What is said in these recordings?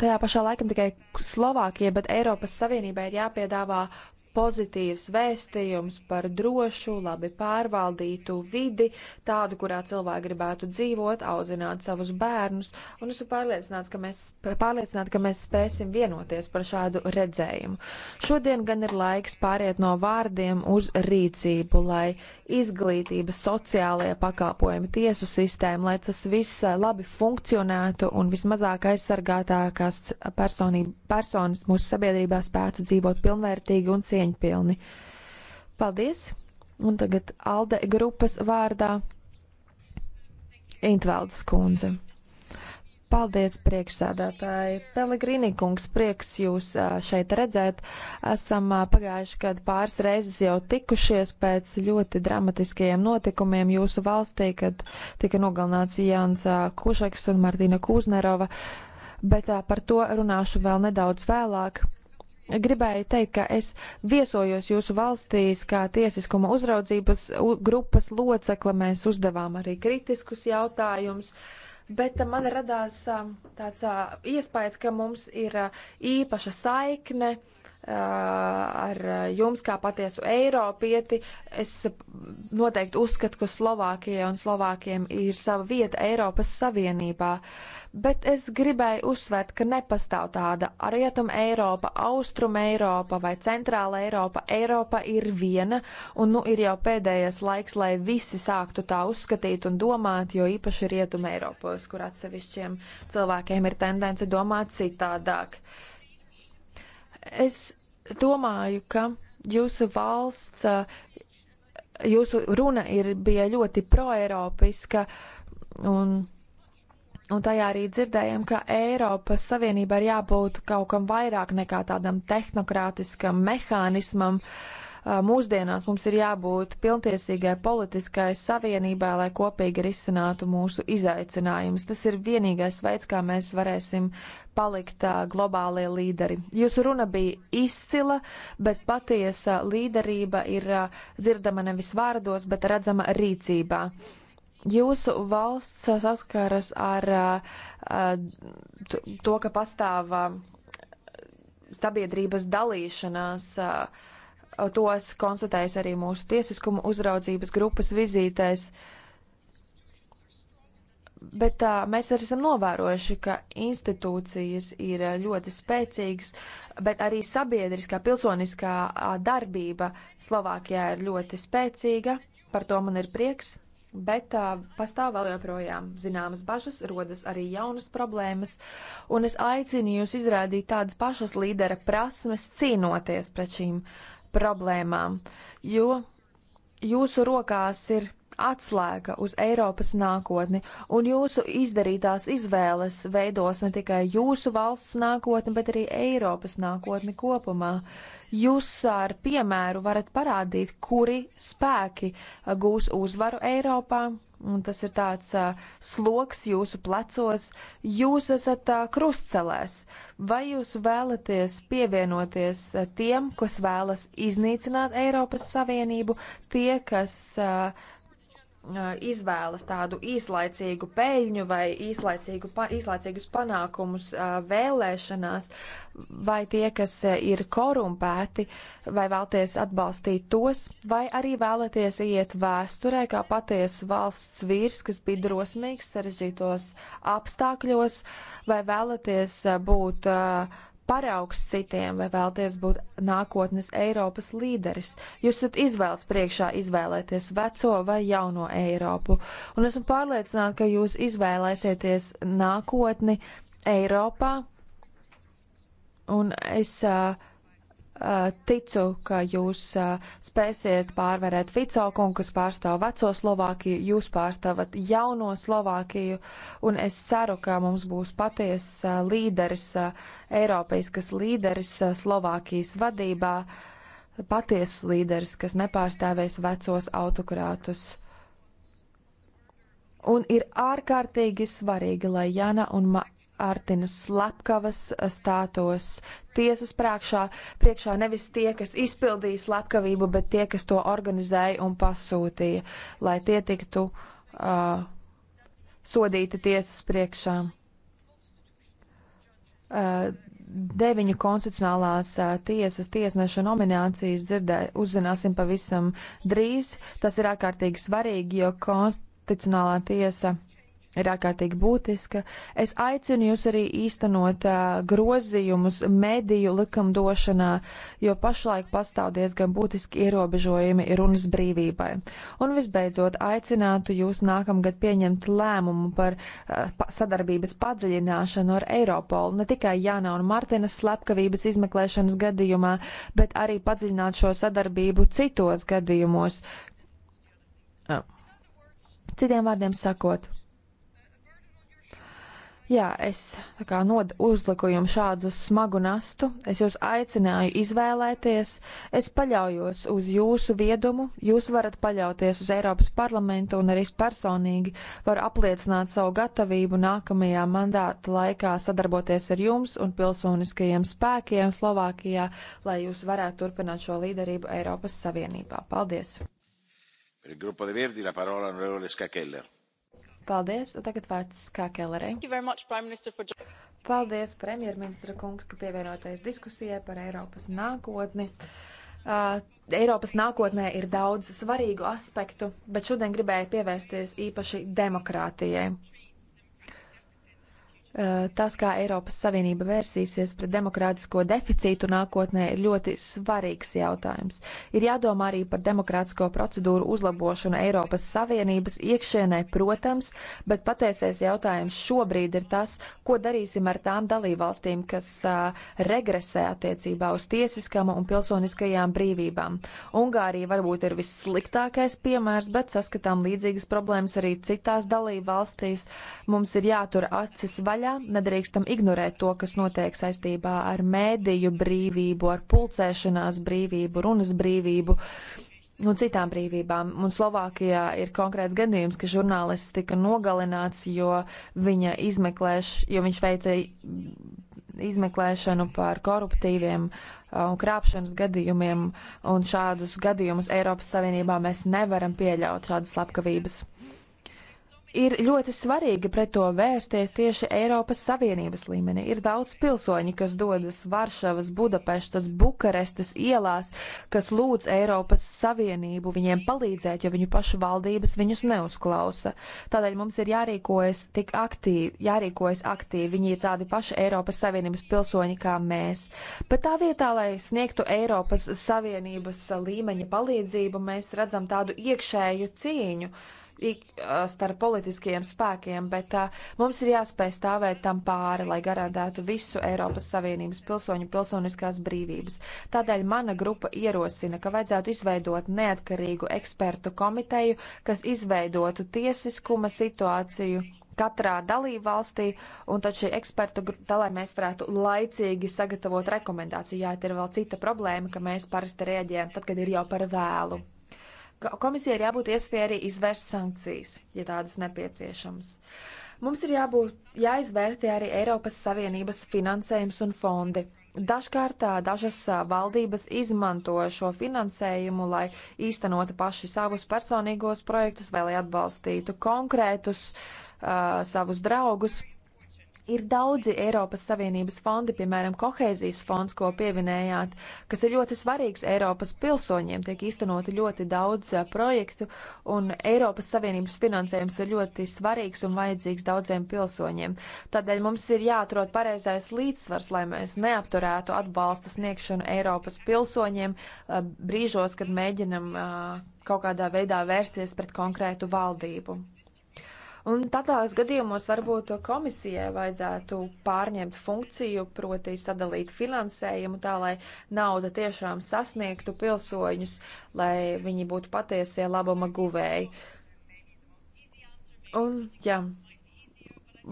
tajā pašā laikā tikai Slovākija, bet Eiropas Savienībai ir jāpiedāvā pozitīvs vēstījums par drošu, labi pārvaldītu vidi, tādu, kurā cilvēki gribētu dzīvot, audzināt savus bērnus, un esmu pārliecināts, ka mēs, pārliecināti, ka mēs spēsim vienoties par šādu redzējumu. Šodien gan ir laiks pāriet no vārdiem uz rīcību, lai izglītība, sociālajie pakalpojumi, tiesu sistēma, lai tas viss eh, labi funkcionētu un vismazāk aizsargātākās personības mūsu sabiedrībā spētu dzīvot pilnvērtīgi un cienīgi cieņpilni. Paldies! Un tagad Alde grupas vārdā Intveldes kundze. Paldies, priekšsādātāji. Pelegrīnī kungs, prieks jūs šeit redzēt. Esam pagājuši gadu pāris reizes jau tikušies pēc ļoti dramatiskajiem notikumiem jūsu valstī, kad tika nogalināts Jānis Kušeks un Martīna Kūznerova, bet par to runāšu vēl nedaudz vēlāk gribēju teikt, ka es viesojos jūsu valstīs kā tiesiskuma uzraudzības grupas locekle. Mēs uzdevām arī kritiskus jautājumus. Bet man radās tāds iespējas, ka mums ir īpaša saikne ar jums kā patiesu Eiropieti. Es noteikti uzskatu, ka Slovākijai un Slovākiem ir sava vieta Eiropas Savienībā. Bet es gribēju uzsvērt, ka nepastāv tāda rietuma Eiropa, austruma Eiropa vai centrāla Eiropa. Eiropa ir viena, un nu ir jau pēdējais laiks, lai visi sāktu tā uzskatīt un domāt, jo īpaši rietuma Eiropos, kur atsevišķiem cilvēkiem ir tendence domāt citādāk. Es domāju, ka jūsu valsts, jūsu runa ir, bija ļoti proeiropiska un Un tajā arī dzirdējām, ka Eiropas Savienībai ir jābūt kaut kam vairāk nekā tādam tehnokrātiskam mehānismam. Mūsdienās mums ir jābūt pilntiesīgai politiskai savienībai, lai kopīgi risinātu mūsu izaicinājumus. Tas ir vienīgais veids, kā mēs varēsim palikt globālie līderi. Jūsu runa bija izcila, bet patiesa līderība ir dzirdama nevis vārdos, bet redzama rīcībā. Jūsu valsts saskaras ar to, ka pastāv sabiedrības dalīšanās. Tos konstatējas arī mūsu tiesiskuma uzraudzības grupas vizītēs. Bet tā, mēs arī esam novērojuši, ka institūcijas ir ļoti spēcīgas, bet arī sabiedriskā, pilsoniskā darbība Slovākijā ir ļoti spēcīga. Par to man ir prieks. Bet tā, pastāv vēl joprojām zināmas bažas, rodas arī jaunas problēmas, un es aicinu jūs izrādīt tādas pašas līdera prasmes cīnoties pret šīm problēmām, jo jūsu rokās ir atslēga uz Eiropas nākotni, un jūsu izdarītās izvēles veidos ne tikai jūsu valsts nākotni, bet arī Eiropas nākotni kopumā. Jūs ar piemēru varat parādīt, kuri spēki gūs uzvaru Eiropā. Un tas ir tāds uh, sloks jūsu plecos. Jūs esat uh, krustcelēs. Vai jūs vēlaties pievienoties uh, tiem, kas vēlas iznīcināt Eiropas Savienību, tie, kas uh, izvēlas tādu īslaicīgu peļņu vai īslaicīgu, īslaicīgus panākumus vēlēšanās, vai tie, kas ir korumpēti, vai vēlties atbalstīt tos, vai arī vēlaties iet vēsturē kā paties valsts vīrs, kas bija drosmīgs sarežģītos apstākļos, vai vēlaties būt paraugs citiem vai vēlties būt nākotnes Eiropas līderis. Jūs esat izvēles priekšā izvēlēties veco vai jauno Eiropu, un esmu pārliecināta, ka jūs izvēlēsieties nākotni Eiropā, un es uh, Eh, ticu, ka jūs eh, spēsiet pārvarēt Fico kungu, kas pārstāv veco Slovākiju, jūs pārstāvat jauno Slovākiju, un es ceru, ka mums būs paties eh, līderis, Eiropaiskas līderis Slovākijas vadībā, paties līderis, kas nepārstāvēs vecos autokrātus. Un ir ārkārtīgi svarīgi, lai Jana un Ma Artinas slepkavas stātos tiesas prākšā, priekšā nevis tie, kas izpildīja slepkavību, bet tie, kas to organizēja un pasūtīja, lai tie tiktu uh, sodīti tiesas priekšā. Uh, deviņu konstitucionālās uh, tiesas tiesneša nominācijas dzirdē, uzzināsim pavisam drīz. Tas ir ārkārtīgi svarīgi, jo konstitucionālā tiesa uh, ir ārkārtīgi būtiska. Es aicinu jūs arī īstenot uh, grozījumus mediju likumdošanā, jo pašlaik pastāv diezgan būtiski ierobežojumi runas brīvībai. Un visbeidzot, aicinātu jūs nākamgad pieņemt lēmumu par uh, sadarbības padziļināšanu ar Eiropolu, ne tikai Jāna un Martina slepkavības izmeklēšanas gadījumā, bet arī padziļināt šo sadarbību citos gadījumos. Uh. Citiem vārdiem sakot, Jā, es kā, nod, uzliku jums šādu smagu nastu. Es jūs aicināju izvēlēties. Es paļaujos uz jūsu viedumu. Jūs varat paļauties uz Eiropas parlamentu un arī personīgi varu apliecināt savu gatavību nākamajā mandāta laikā sadarboties ar jums un pilsoniskajiem spēkiem Slovākijā, lai jūs varētu turpināt šo līderību Eiropas Savienībā. Paldies! Per il gruppo dei Verdi la parola all'onorevole Skakeller Paldies, un tagad vārds kā Kellerei. Paldies, premjerministra kungs, ka pievienoties diskusijai par Eiropas nākotni. Uh, Eiropas nākotnē ir daudz svarīgu aspektu, bet šodien gribēju pievērsties īpaši demokrātijai. Eh, tas, kā Eiropas Savienība vērsīsies pret demokrātisko deficītu nākotnē, ir ļoti svarīgs jautājums. Ir jādomā arī par demokrātisko procedūru uzlabošanu Eiropas Savienības iekšienē, protams, bet patiesais jautājums šobrīd ir tas, ko darīsim ar tām dalībvalstīm, kas uh, regresē attiecībā uz tiesiskām un pilsoniskajām brīvībām. Ungārija varbūt ir vissliktākais piemērs, bet saskatām līdzīgas problēmas arī citās dalībvalstīs. Mums ir jātur acis vaļā daļā nedrīkstam ignorēt to, kas notiek saistībā ar mēdīju brīvību, ar pulcēšanās brīvību, runas brīvību un citām brīvībām. Un Slovākijā ir konkrēts gadījums, ka žurnālists tika nogalināts, jo, viņa izmeklēš, jo viņš veica izmeklēšanu par koruptīviem uh, un krāpšanas gadījumiem, un šādus gadījumus Eiropas Savienībā mēs nevaram pieļaut šādas slepkavības ir ļoti svarīgi pret to vērsties tieši Eiropas Savienības līmenī. Ir daudz pilsoņi, kas dodas Varšavas, Budapeštas, Bukarestas ielās, kas lūdz Eiropas Savienību viņiem palīdzēt, jo viņu pašu valdības viņus neuzklausa. Tādēļ mums ir jārīkojas tik aktīvi, jārīkojas aktīvi. Viņi ir tādi paši Eiropas Savienības pilsoņi kā mēs. Bet tā vietā, lai sniegtu Eiropas Savienības līmeņa palīdzību, mēs redzam tādu iekšēju cīņu. Uh, starp politiskajiem spēkiem, bet uh, mums ir jāspēj stāvēt tam pāri, lai garantētu visu Eiropas Savienības pilsoņu pilsoniskās brīvības. Tādēļ mana grupa ierosina, ka vajadzētu izveidot neatkarīgu ekspertu komiteju, kas izveidotu tiesiskuma situāciju katrā dalībvalstī, un tad šī ekspertu grupa, lai mēs varētu laicīgi sagatavot rekomendāciju. Jā, tā ir vēl cita problēma, ka mēs parasti rēģējam tad, kad ir jau par vēlu. Komisija ir jābūt iespēja arī izvērst sankcijas, ja tādas nepieciešamas. Mums ir jābūt jāizvērtē arī Eiropas Savienības finansējums un fondi. Dažkārt dažas valdības izmanto šo finansējumu, lai īstenotu paši savus personīgos projektus vai lai atbalstītu konkrētus uh, savus draugus. Ir daudzi Eiropas Savienības fondi, piemēram, kohēzijas fonds, ko pieminējāt, kas ir ļoti svarīgs Eiropas pilsoņiem. Tiek īstenoti ļoti daudz projektu, un Eiropas Savienības finansējums ir ļoti svarīgs un vajadzīgs daudziem pilsoņiem. Tādēļ mums ir jāatrod pareizais līdzsvars, lai mēs neapturētu atbalsta sniegšanu Eiropas pilsoņiem brīžos, kad mēģinam kaut kādā veidā vērsties pret konkrētu valdību. Un tādās gadījumos varbūt komisijai vajadzētu pārņemt funkciju, proti sadalīt finansējumu tā, lai nauda tiešām sasniegtu pilsoņus, lai viņi būtu patiesie labuma guvēji. Un, jā,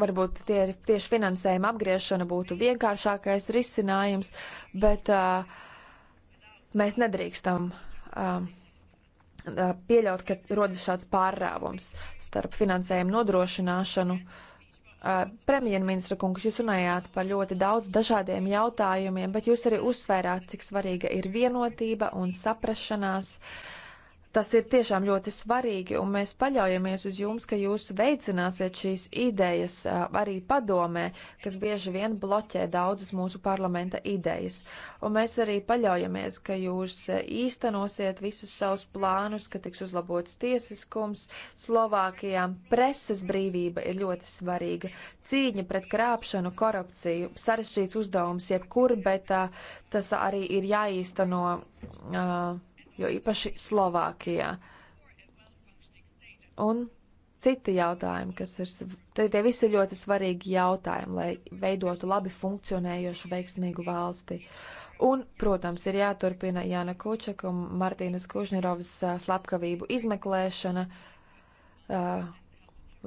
varbūt tie ir tieši finansējuma apgriešana būtu vienkāršākais risinājums, bet uh, mēs nedrīkstam. Uh, pieļaut, ka rodas šāds pārrāvums starp finansējumu nodrošināšanu. Premjerministra kungs, jūs runājāt par ļoti daudz dažādiem jautājumiem, bet jūs arī uzsvērāt, cik svarīga ir vienotība un saprašanās. Uh, Tas ir tiešām ļoti svarīgi, un mēs paļaujamies uz jums, ka jūs veicināsiet šīs idejas arī padomē, kas bieži vien bloķē daudzas mūsu parlamenta idejas. Un mēs arī paļaujamies, ka jūs īstenosiet visus savus plānus, ka tiks uzlabots tiesiskums. Slovākijā preses brīvība ir ļoti svarīga. Cīņa pret krāpšanu, korupciju, sarežģīts uzdevums jebkur, bet tas arī ir jāīsteno. Uh, jo īpaši Slovākijā. Un citi jautājumi, kas ir, tie visi ir ļoti svarīgi jautājumi, lai veidotu labi funkcionējošu, veiksmīgu valsti. Un, protams, ir jāturpina Jāna Kučaka un Martīnas Kužņirovas slepkavību izmeklēšana,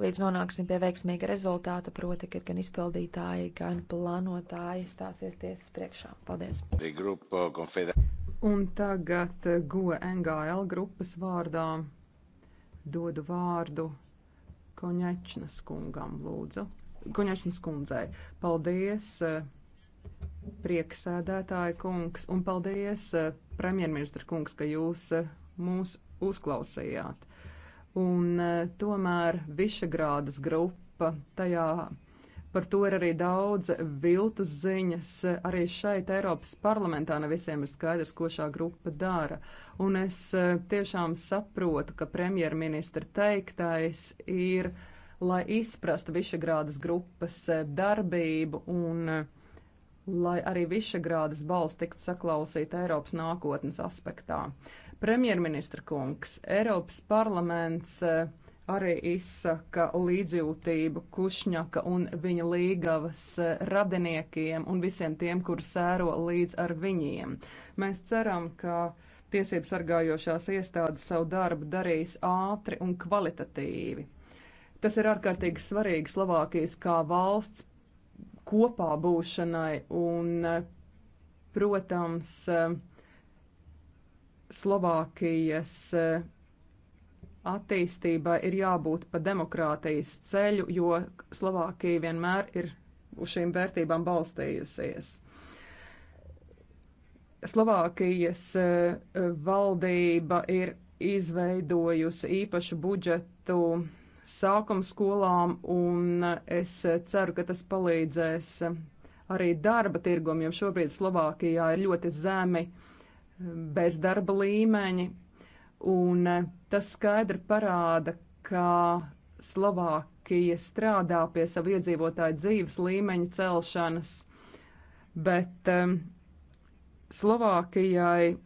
līdz nonāksim pie veiksmīga rezultāta, proti, kad gan izpildītāji, gan planotāji stāsies tiesas priekšā. Paldies! Un tagad GOE NGL grupas vārdā dodu vārdu Koņečnas kungam, lūdzu. Koņečnas kundzei. Paldies, prieksēdētāja kungs, un paldies, premjerministra kungs, ka jūs mūs uzklausījāt. Un tomēr Višegrādas grupa tajā Par to ir arī daudz viltus ziņas. Arī šeit Eiropas parlamentā ne visiem ir skaidrs, ko šā grupa dara. Un es e, tiešām saprotu, ka premjerministra teiktais ir, lai izprastu Višegrādas grupas e, darbību un e, lai arī Višegrādas balss tiktu saklausīta Eiropas nākotnes aspektā. Premjerministra kungs, Eiropas parlaments uh, arī izsaka līdzjūtību Kušņaka un viņa līgavas eh, radiniekiem un visiem tiem, kur sēro līdz ar viņiem. Mēs ceram, ka tiesību sargājošās iestādes savu darbu darīs ātri un kvalitatīvi. Tas ir ārkārtīgi svarīgi Slovākijas kā valsts kopā būšanai un, eh, protams, eh, Slovākijas attīstībai ir jābūt pa demokrātijas ceļu, jo Slovākija vienmēr ir uz šīm vērtībām balstījusies. Slovākijas e, valdība ir izveidojusi īpašu budžetu sākuma skolām, un es ceru, ka tas palīdzēs arī darba tirgum, jo šobrīd Slovākijā ir ļoti zemi bezdarba līmeņi, Un eh, tas skaidri parāda, ka Slovākija strādā pie savu iedzīvotāju dzīves līmeņa celšanas, bet um, Slovākijai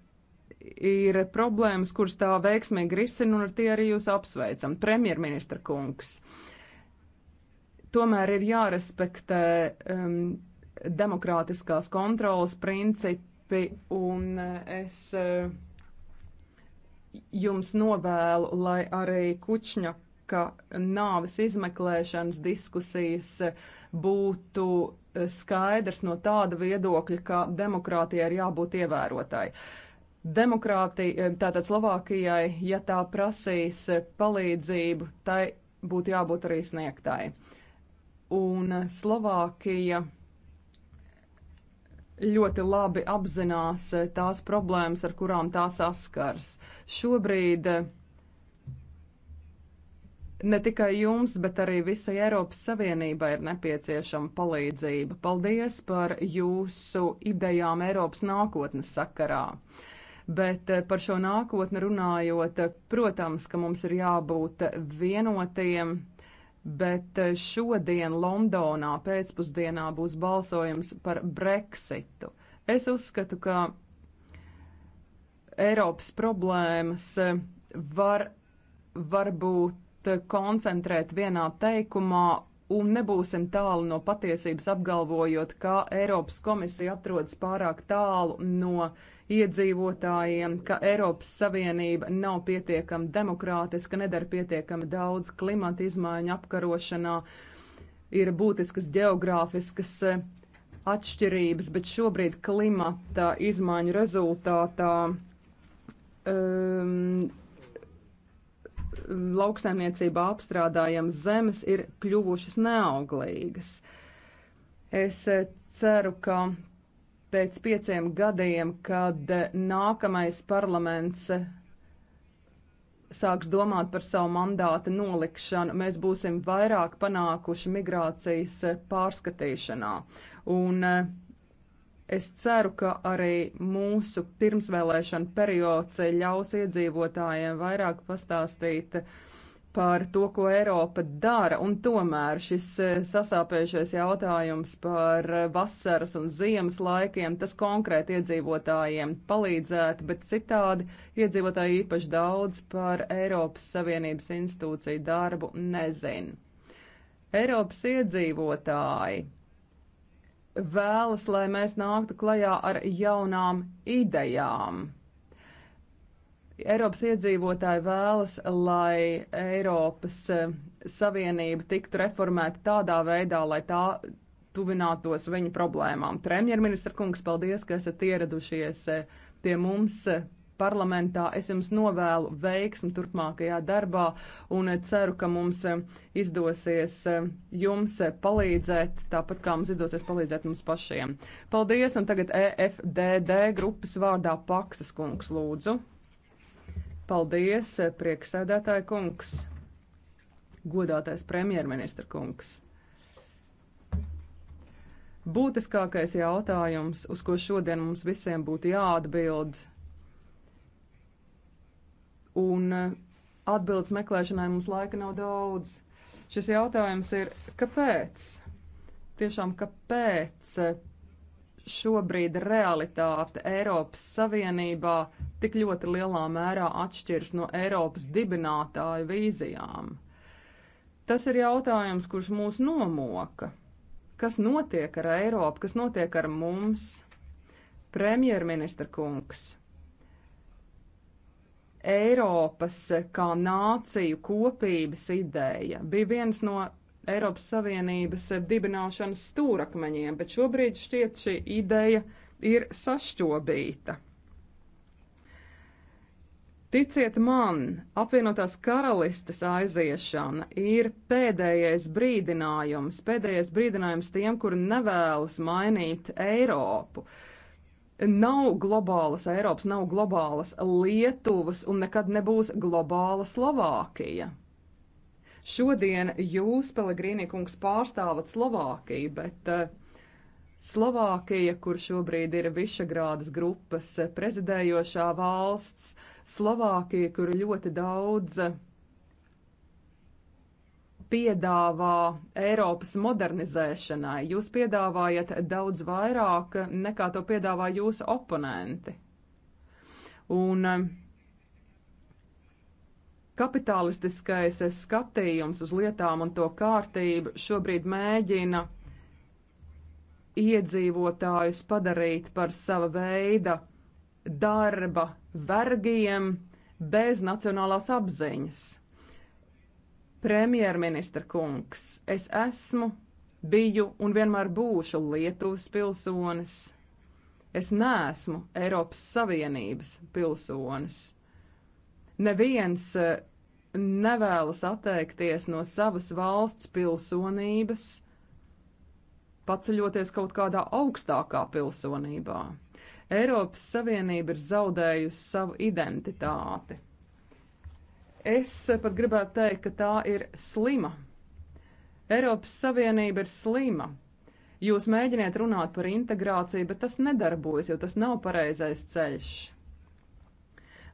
ir problēmas, kuras tā veiksmīgi risina, un ar tie arī jūs apsveicam. Premjerministra kungs. Tomēr ir jārespektē um, demokrātiskās kontrolas principi, un eh, es. Uh, jums novēlu, lai arī Kučņaka nāves izmeklēšanas diskusijas būtu eh, skaidrs no tāda viedokļa, ka demokrātija ir jābūt ievērotai. Demokrātija, eh, tātad Slovākijai, ja tā prasīs eh, palīdzību, tai būtu jābūt arī sniegtai. Un Slovākija ļoti labi apzinās eh, tās problēmas, ar kurām tā saskars. Šobrīd eh, ne tikai jums, bet arī visai Eiropas Savienībai ir nepieciešama palīdzība. Paldies par jūsu idejām Eiropas nākotnes sakarā. Bet eh, par šo nākotni runājot, protams, ka mums ir jābūt vienotiem bet eh, šodien Londonā pēcpusdienā būs balsojums par Brexitu. Es uzskatu, ka Eiropas problēmas eh, var, varbūt eh, koncentrēt vienā teikumā un nebūsim tālu no patiesības apgalvojot, ka Eiropas komisija atrodas pārāk tālu no uh, iedzīvotājiem, ka Eiropas Savienība nav pietiekami demokrātiska, nedara pietiekami daudz klimata izmaiņu apkarošanā, ir būtiskas geogrāfiskas eh, atšķirības, bet šobrīd klimata izmaiņu rezultātā um, lauksaimniecībā apstrādājamas zemes ir kļuvušas neauglīgas. Es eh, ceru, ka pēc pieciem gadiem, kad nākamais parlaments sāks domāt par savu mandātu nolikšanu, mēs būsim vairāk panākuši migrācijas pārskatīšanā. Un eh, es ceru, ka arī mūsu pirmsvēlēšana periods ļaus iedzīvotājiem vairāk pastāstīt uh, par to, ko Eiropa dara, un tomēr šis e, sasāpējušais jautājums par e, vasaras un ziemas laikiem, tas konkrēti iedzīvotājiem palīdzētu, bet citādi iedzīvotāji īpaši daudz par Eiropas Savienības institūciju darbu nezin. Eiropas iedzīvotāji vēlas, lai mēs nāktu klajā ar jaunām idejām Eiropas iedzīvotāji vēlas, lai Eiropas eh, Savienība tiktu reformēta tādā veidā, lai tā tuvinātos viņu problēmām. Premjerministra kungs, paldies, ka esat ieradušies eh, pie mums eh, parlamentā. Es jums novēlu veiksmi turpmākajā darbā un ceru, ka mums izdosies jums palīdzēt, tāpat kā mums izdosies palīdzēt mums pašiem. Paldies, un tagad EFDD grupas vārdā Paksas kungs lūdzu. Paldies, eh, prieksēdētāja kungs, godātais premjerministra kungs. Būtiskākais jautājums, uz ko šodien mums visiem būtu jāatbild, un eh, atbildes meklēšanai mums laika nav daudz. Šis jautājums ir, kāpēc? Tiešām, kāpēc eh, šobrīd realitāte Eiropas Savienībā tik ļoti lielā mērā atšķiras no Eiropas dibinātāju vīzijām. Tas ir jautājums, kurš mūs nomoka. Kas notiek ar Eiropu, kas notiek ar mums? Premjerministra kungs, Eiropas kā nāciju kopības ideja bija viens no Eiropas Savienības dibināšanas stūrakmeņiem, bet šobrīd šķiet šī ideja ir sašķobīta. Ticiet man, apvienotās karalistes aiziešana ir pēdējais brīdinājums, pēdējais brīdinājums tiem, kuri nevēlas mainīt Eiropu. Nav globālas Eiropas, nav globālas Lietuvas un nekad nebūs globāla Slovākija. Šodien jūs, Pelegrīnīkungs, pārstāvat Slovākiju, bet eh, Slovākija, kur šobrīd ir Višegrādas grupas prezidējošā valsts, Slovākija, kur ļoti daudz piedāvā Eiropas modernizēšanai. Jūs piedāvājat daudz vairāk nekā to piedāvā jūsu oponenti. Un Kapitālistiskais skatījums uz lietām un to kārtību šobrīd mēģina iedzīvotājus padarīt par sava veida darba vergiem bez nacionālās apziņas. Premjerministra kungs, es esmu, biju un vienmēr būšu Lietuvas pilsonis. Es neesmu Eiropas Savienības pilsonis. Neviens eh, nevēlas atteikties no savas valsts pilsonības, paceļoties kaut kādā augstākā pilsonībā. Eiropas Savienība ir zaudējusi savu identitāti. Es pat gribētu teikt, ka tā ir slima. Eiropas Savienība ir slima. Jūs mēģiniet runāt par integrāciju, bet tas nedarbojas, jo tas nav pareizais ceļš.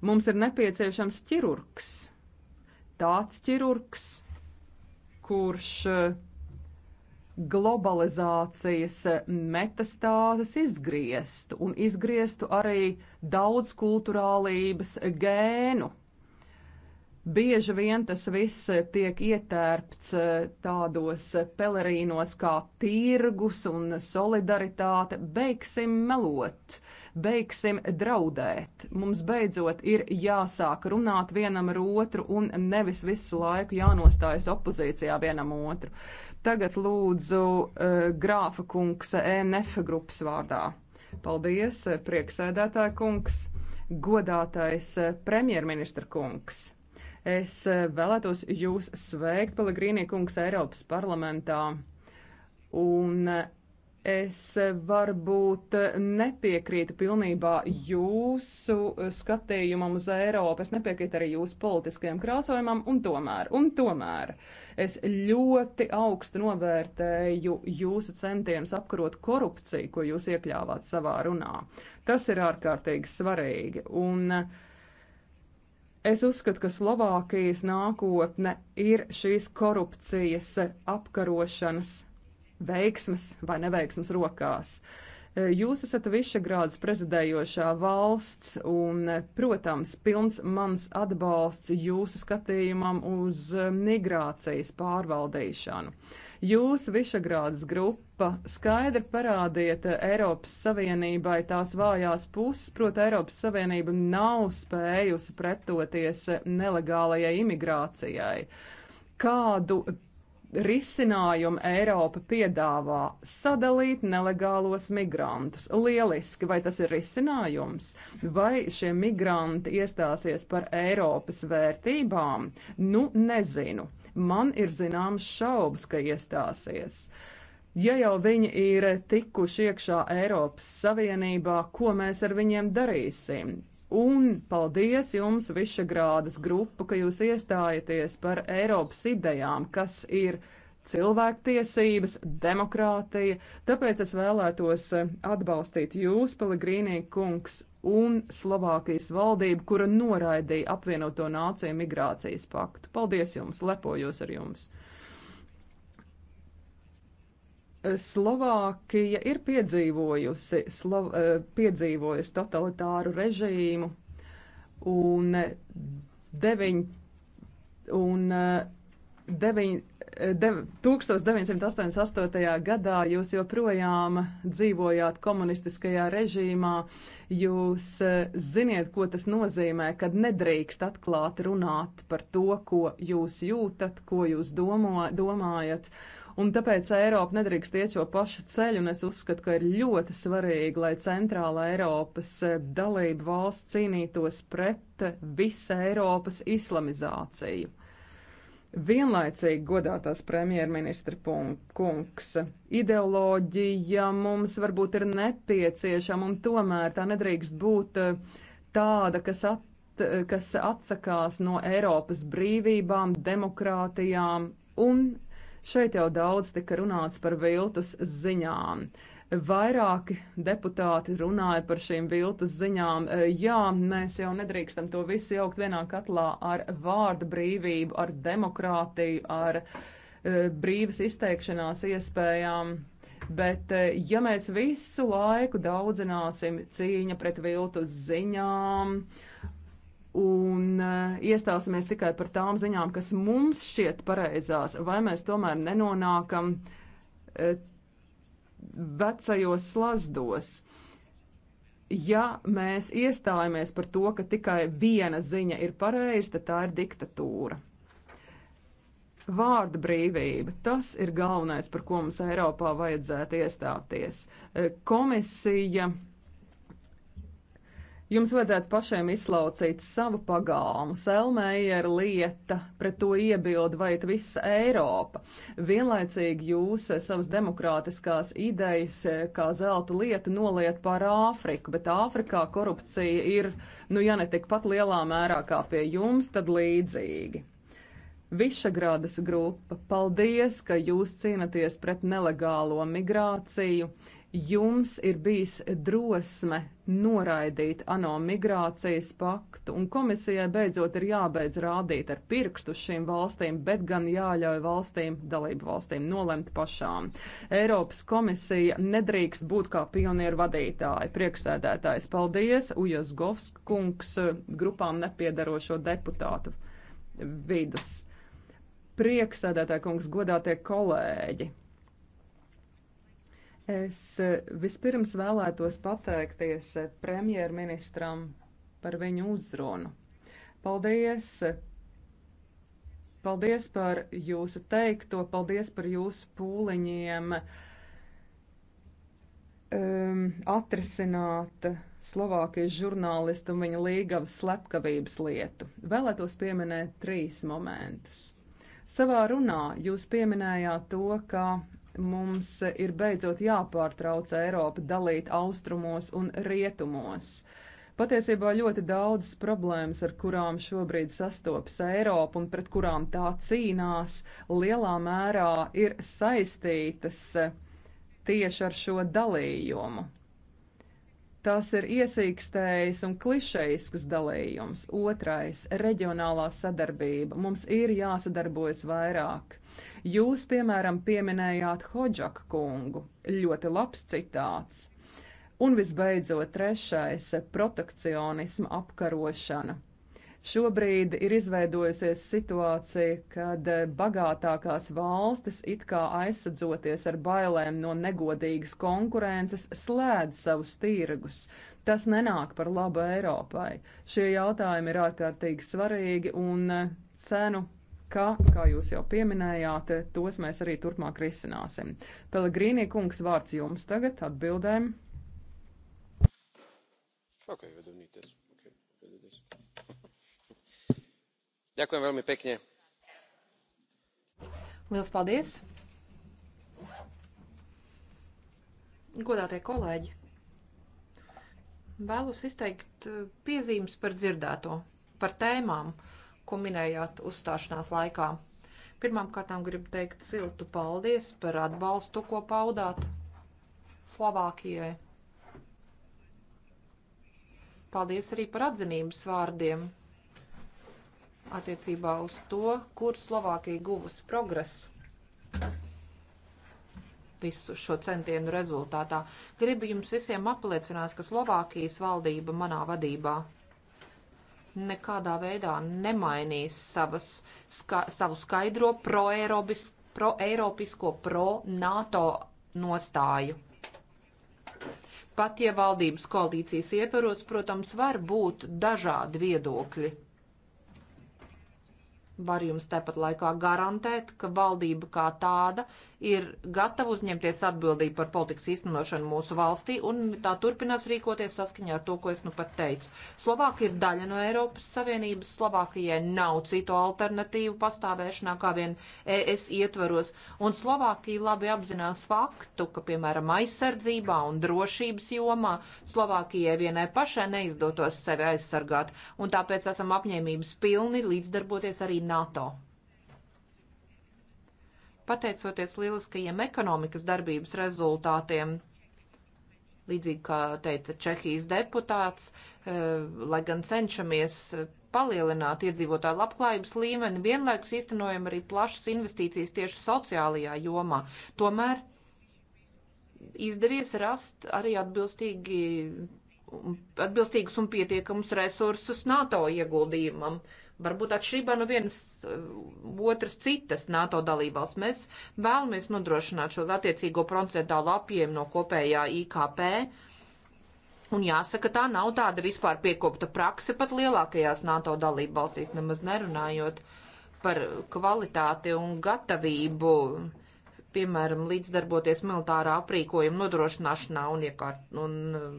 Mums ir nepieciešams ķirurgs, tāds ķirurgs, kurš eh, globalizācijas eh, metastāzes izgrieztu un izgrieztu arī daudz kulturālības gēnu Bieži vien tas viss tiek ietērpts eh, tādos pelerīnos kā tirgus un solidaritāte. Beigsim melot, beigsim draudēt. Mums beidzot ir jāsāk runāt vienam ar otru un nevis visu laiku jānostājas opozīcijā vienam otru. Tagad lūdzu uh, grāfa kungs ENF grupas vārdā. Paldies, eh, prieksēdētāja kungs, godātais premjerministra kungs. Es eh, vēlētos jūs sveikt, Pelegrīnī kungs, Eiropas parlamentā. Un eh, es eh, varbūt nepiekrītu pilnībā jūsu skatījumam uz Eiropu, es nepiekrītu arī jūsu politiskajam krāsojumam, un tomēr, un tomēr es ļoti augstu novērtēju jūsu centienus apkarot korupciju, ko jūs iekļāvāt savā runā. Tas ir ārkārtīgi svarīgi. Un, uh, Es uzskatu, ka Slovākijas nākotne ir šīs korupcijas apkarošanas veiksmes vai neveiksmes rokās. Uh, Jūs esat Višegrādas prezidējošā valsts, un, protams, pilns mans atbalsts jūsu skatījumam uz eh, migrācijas pārvaldīšanu. Jūs, Višegrādas grupa, skaidri parādiet eh, Eiropas Savienībai tās vājās puses, proti Eiropas Savienība nav spējusi pretoties eh, nelegālajai imigrācijai kādu risinājumu Eiropa piedāvā sadalīt nelegālos migrantus. Lieliski, vai tas ir risinājums? Vai šie migranti iestāsies par Eiropas vērtībām? Nu, nezinu. Man ir zināms šaubas, ka iestāsies. Ja jau viņi ir tikuši iekšā Eiropas Savienībā, ko mēs ar viņiem darīsim? Un paldies jums, Višagrādas grupa, ka jūs iestājaties par Eiropas idejām, kas ir cilvēktiesības, demokrātija. Tāpēc es vēlētos eh, atbalstīt jūs, Pelegrīnī kungs, un Slovākijas valdību, kura noraidīja apvienoto nāciju migrācijas paktu. Paldies jums, lepojos ar jums! Slovākija ir piedzīvojusi, slav, eh, piedzīvojusi totalitāru režīmu un, deviņ, un eh, deviņ, eh, de, 1988. gadā jūs joprojām dzīvojāt komunistiskajā režīmā. Jūs ziniet, ko tas nozīmē, kad nedrīkst atklāti runāt par to, ko jūs jūtat, ko jūs domā, domājat. Un tāpēc Eiropa nedrīkst iet šo pašu ceļu, un es uzskatu, ka ir ļoti svarīgi, lai Centrāla Eiropas eh, dalība valsts cīnītos pret visa Eiropas islamizāciju. Vienlaicīgi godātās premjerministra kungs, ideoloģija mums varbūt ir nepieciešama, un tomēr tā nedrīkst būt eh, tāda, kas, at, kas atsakās no Eiropas brīvībām, demokrātijām un Šeit jau daudz tika runāts par viltus ziņām. Vairāki deputāti runāja par šīm viltus ziņām. E, jā, mēs jau nedrīkstam to visu jaukt vienā katlā ar vārdu brīvību, ar demokrātiju, ar e, brīvas izteikšanās iespējām. Bet, e, ja mēs visu laiku daudzināsim cīņa pret viltus ziņām un uh, iestāsimies tikai par tām ziņām, kas mums šķiet pareizās, vai mēs tomēr nenonākam uh, vecajos slazdos. Ja mēs iestājamies par to, ka tikai viena ziņa ir pareiza, tad tā ir diktatūra. Vārda brīvība - tas ir galvenais, par ko mums Eiropā vajadzētu iestāties. Eh, komisija uh, Jums vajadzētu pašiem izslaucīt savu pagāmu. Selmēra lieta, pret to iebilda vajag visa Eiropa. Vienlaicīgi jūs savas demokrātiskās idejas kā zelta lietu noliet pār Āfriku, bet Āfrikā korupcija ir, nu ja ne tikpat lielā mērā kā pie jums, tad līdzīgi. Višagrādas grupa, paldies, ka jūs cīnaties pret nelegālo migrāciju jums ir bijis drosme noraidīt ANO migrācijas paktu, un komisijai beidzot ir jābeidz rādīt ar pirkstu šīm valstīm, bet gan jāļauj valstīm, dalību valstīm nolemt pašām. Eiropas komisija nedrīkst būt kā pionieru vadītāja. Prieksēdētājs paldies, Ujas Govskungs, grupām nepiedarošo deputātu vidus. Prieksēdētāja kungs, godātie kolēģi! Es eh, vispirms vēlētos pateikties eh, premjerministram par viņu uzrunu. Paldies! Eh, paldies par jūsu teikto, paldies par jūsu pūliņiem um, atrisināt Slovākijas žurnālistu un viņa līgavas slepkavības lietu. Vēlētos pieminēt trīs momentus. Savā runā jūs pieminējāt to, ka Mums ir beidzot jāpārtrauc Eiropa dalīt austrumos un rietumos. Patiesībā ļoti daudzas problēmas, ar kurām šobrīd sastopas Eiropa un pret kurām tā cīnās, lielā mērā ir saistītas tieši ar šo dalījumu. Tas ir iesīkstējis un klišejisks dalījums. Otrais - reģionālā sadarbība. Mums ir jāsadarbojas vairāk. Jūs, piemēram, pieminējāt Hodžaka kungu. Ļoti labs citāts. Un visbeidzot, trešais - protekcionisma apkarošana. Šobrīd ir izveidojusies situācija, kad bagātākās valstis it kā aizsadzoties ar bailēm no negodīgas konkurences slēdz savus tirgus. Tas nenāk par labu Eiropai. Šie jautājumi ir ārkārtīgi svarīgi un cenu ka, kā jūs jau pieminējāt, tos mēs arī turpmāk risināsim. Pelegrīnī kungs, vārds jums tagad atbildēm. Okay, okay, Ďakujem veľmi pekne. Lielas paldies! Godātie kolēģi! Vēlos izteikt eh, piezīmes par dzirdēto, par tēmām. Uh, ko minējāt uzstāšanās laikā. Pirmkārtām gribu teikt siltu paldies par atbalstu, ko paudāt Slovākijai. Paldies arī par atzinības vārdiem attiecībā uz to, kur Slovākija guvusi progresu visu šo centienu rezultātā. Gribu jums visiem apliecināt, ka Slovākijas valdība manā vadībā nekādā veidā nemainīs savas, ska, savu skaidro pro-eiropisko, pro pro-NATO nostāju. Pat ja valdības koalīcijas ietvaros, protams, var būt dažādi viedokļi. Var jums tepat laikā garantēt, ka valdība kā tāda ir gatava uzņemties atbildību par politikas īstenošanu mūsu valstī un tā turpinās rīkoties saskaņā ar to, ko es nu pat teicu. Slovākija ir daļa no Eiropas Savienības, Slovākijai nav citu alternatīvu pastāvēšanā kā vien ES ietvaros, un Slovākija labi apzinās faktu, ka, piemēram, aizsardzībā un drošības jomā Slovākijai vienai pašai neizdotos sevi aizsargāt, un tāpēc esam apņēmības pilni līdzdarboties arī NATO pateicoties lieliskajiem ekonomikas darbības rezultātiem. Līdzīgi kā teica Čehijas deputāts, eh, lai gan cenšamies palielināt iedzīvotāju labklājības līmeni, vienlaikus īstenojam arī plašas investīcijas tieši sociālajā jomā. Tomēr izdevies rast arī atbilstīgi, atbilstīgus un pietiekamus resursus NATO ieguldījumam. Uh, varbūt atšķirībā no vienas uh, otras citas NATO dalībvalsts. Mēs vēlamies nodrošināt šo attiecīgo procentālu apjēmu no kopējā IKP. Un jāsaka, tā nav tāda vispār piekopta prakse pat lielākajās NATO dalību valstīs, nemaz nerunājot par kvalitāti un gatavību, piemēram, līdzdarboties militārā aprīkojuma nodrošināšanā un, iekārt, un um,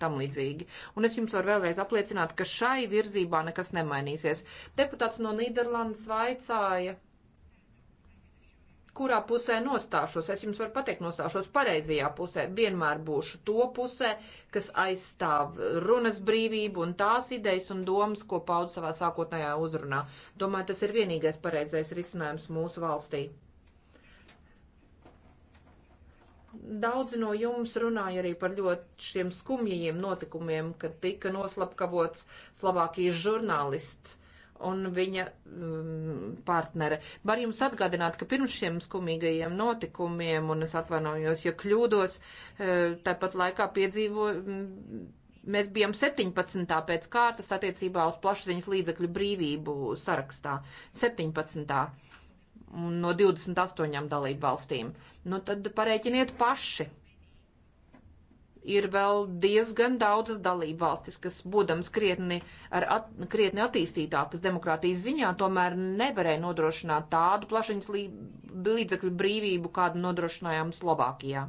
tam līdzīgi. Un es jums varu vēlreiz apliecināt, ka šai virzībā nekas nemainīsies. Deputāts no Nīderlandes vaicāja, kurā pusē nostāšos. Es jums varu pateikt, nostāšos pareizajā pusē. Vienmēr būšu to pusē, kas aizstāv runas brīvību un tās idejas un domas, ko paudu savā sākotnējā uzrunā. Domāju, tas ir vienīgais pareizais risinājums mūsu valstī. Daudzi no jums runāja arī par ļoti šiem skumjiem notikumiem, kad tika noslapkavots Slovākijas žurnālists un viņa um, partnere. Var jums atgādināt, ka pirms šiem skumīgajiem notikumiem, un es atvainojos, ja kļūdos, e, tāpat laikā piedzīvo, mm, mēs bijām 17. pēc kārtas attiecībā uz plašsaziņas līdzekļu brīvību sarakstā. 17 no 28 dalību valstīm. Nu, tad pareiķiniet paši. Ir vēl diezgan daudzas dalību valstis, kas, būdams krietni, at, krietni attīstītākas demokrātijas ziņā, tomēr nevarēja nodrošināt tādu plašiņas līdzekļu brīvību, kādu nodrošinājām Slovākijā.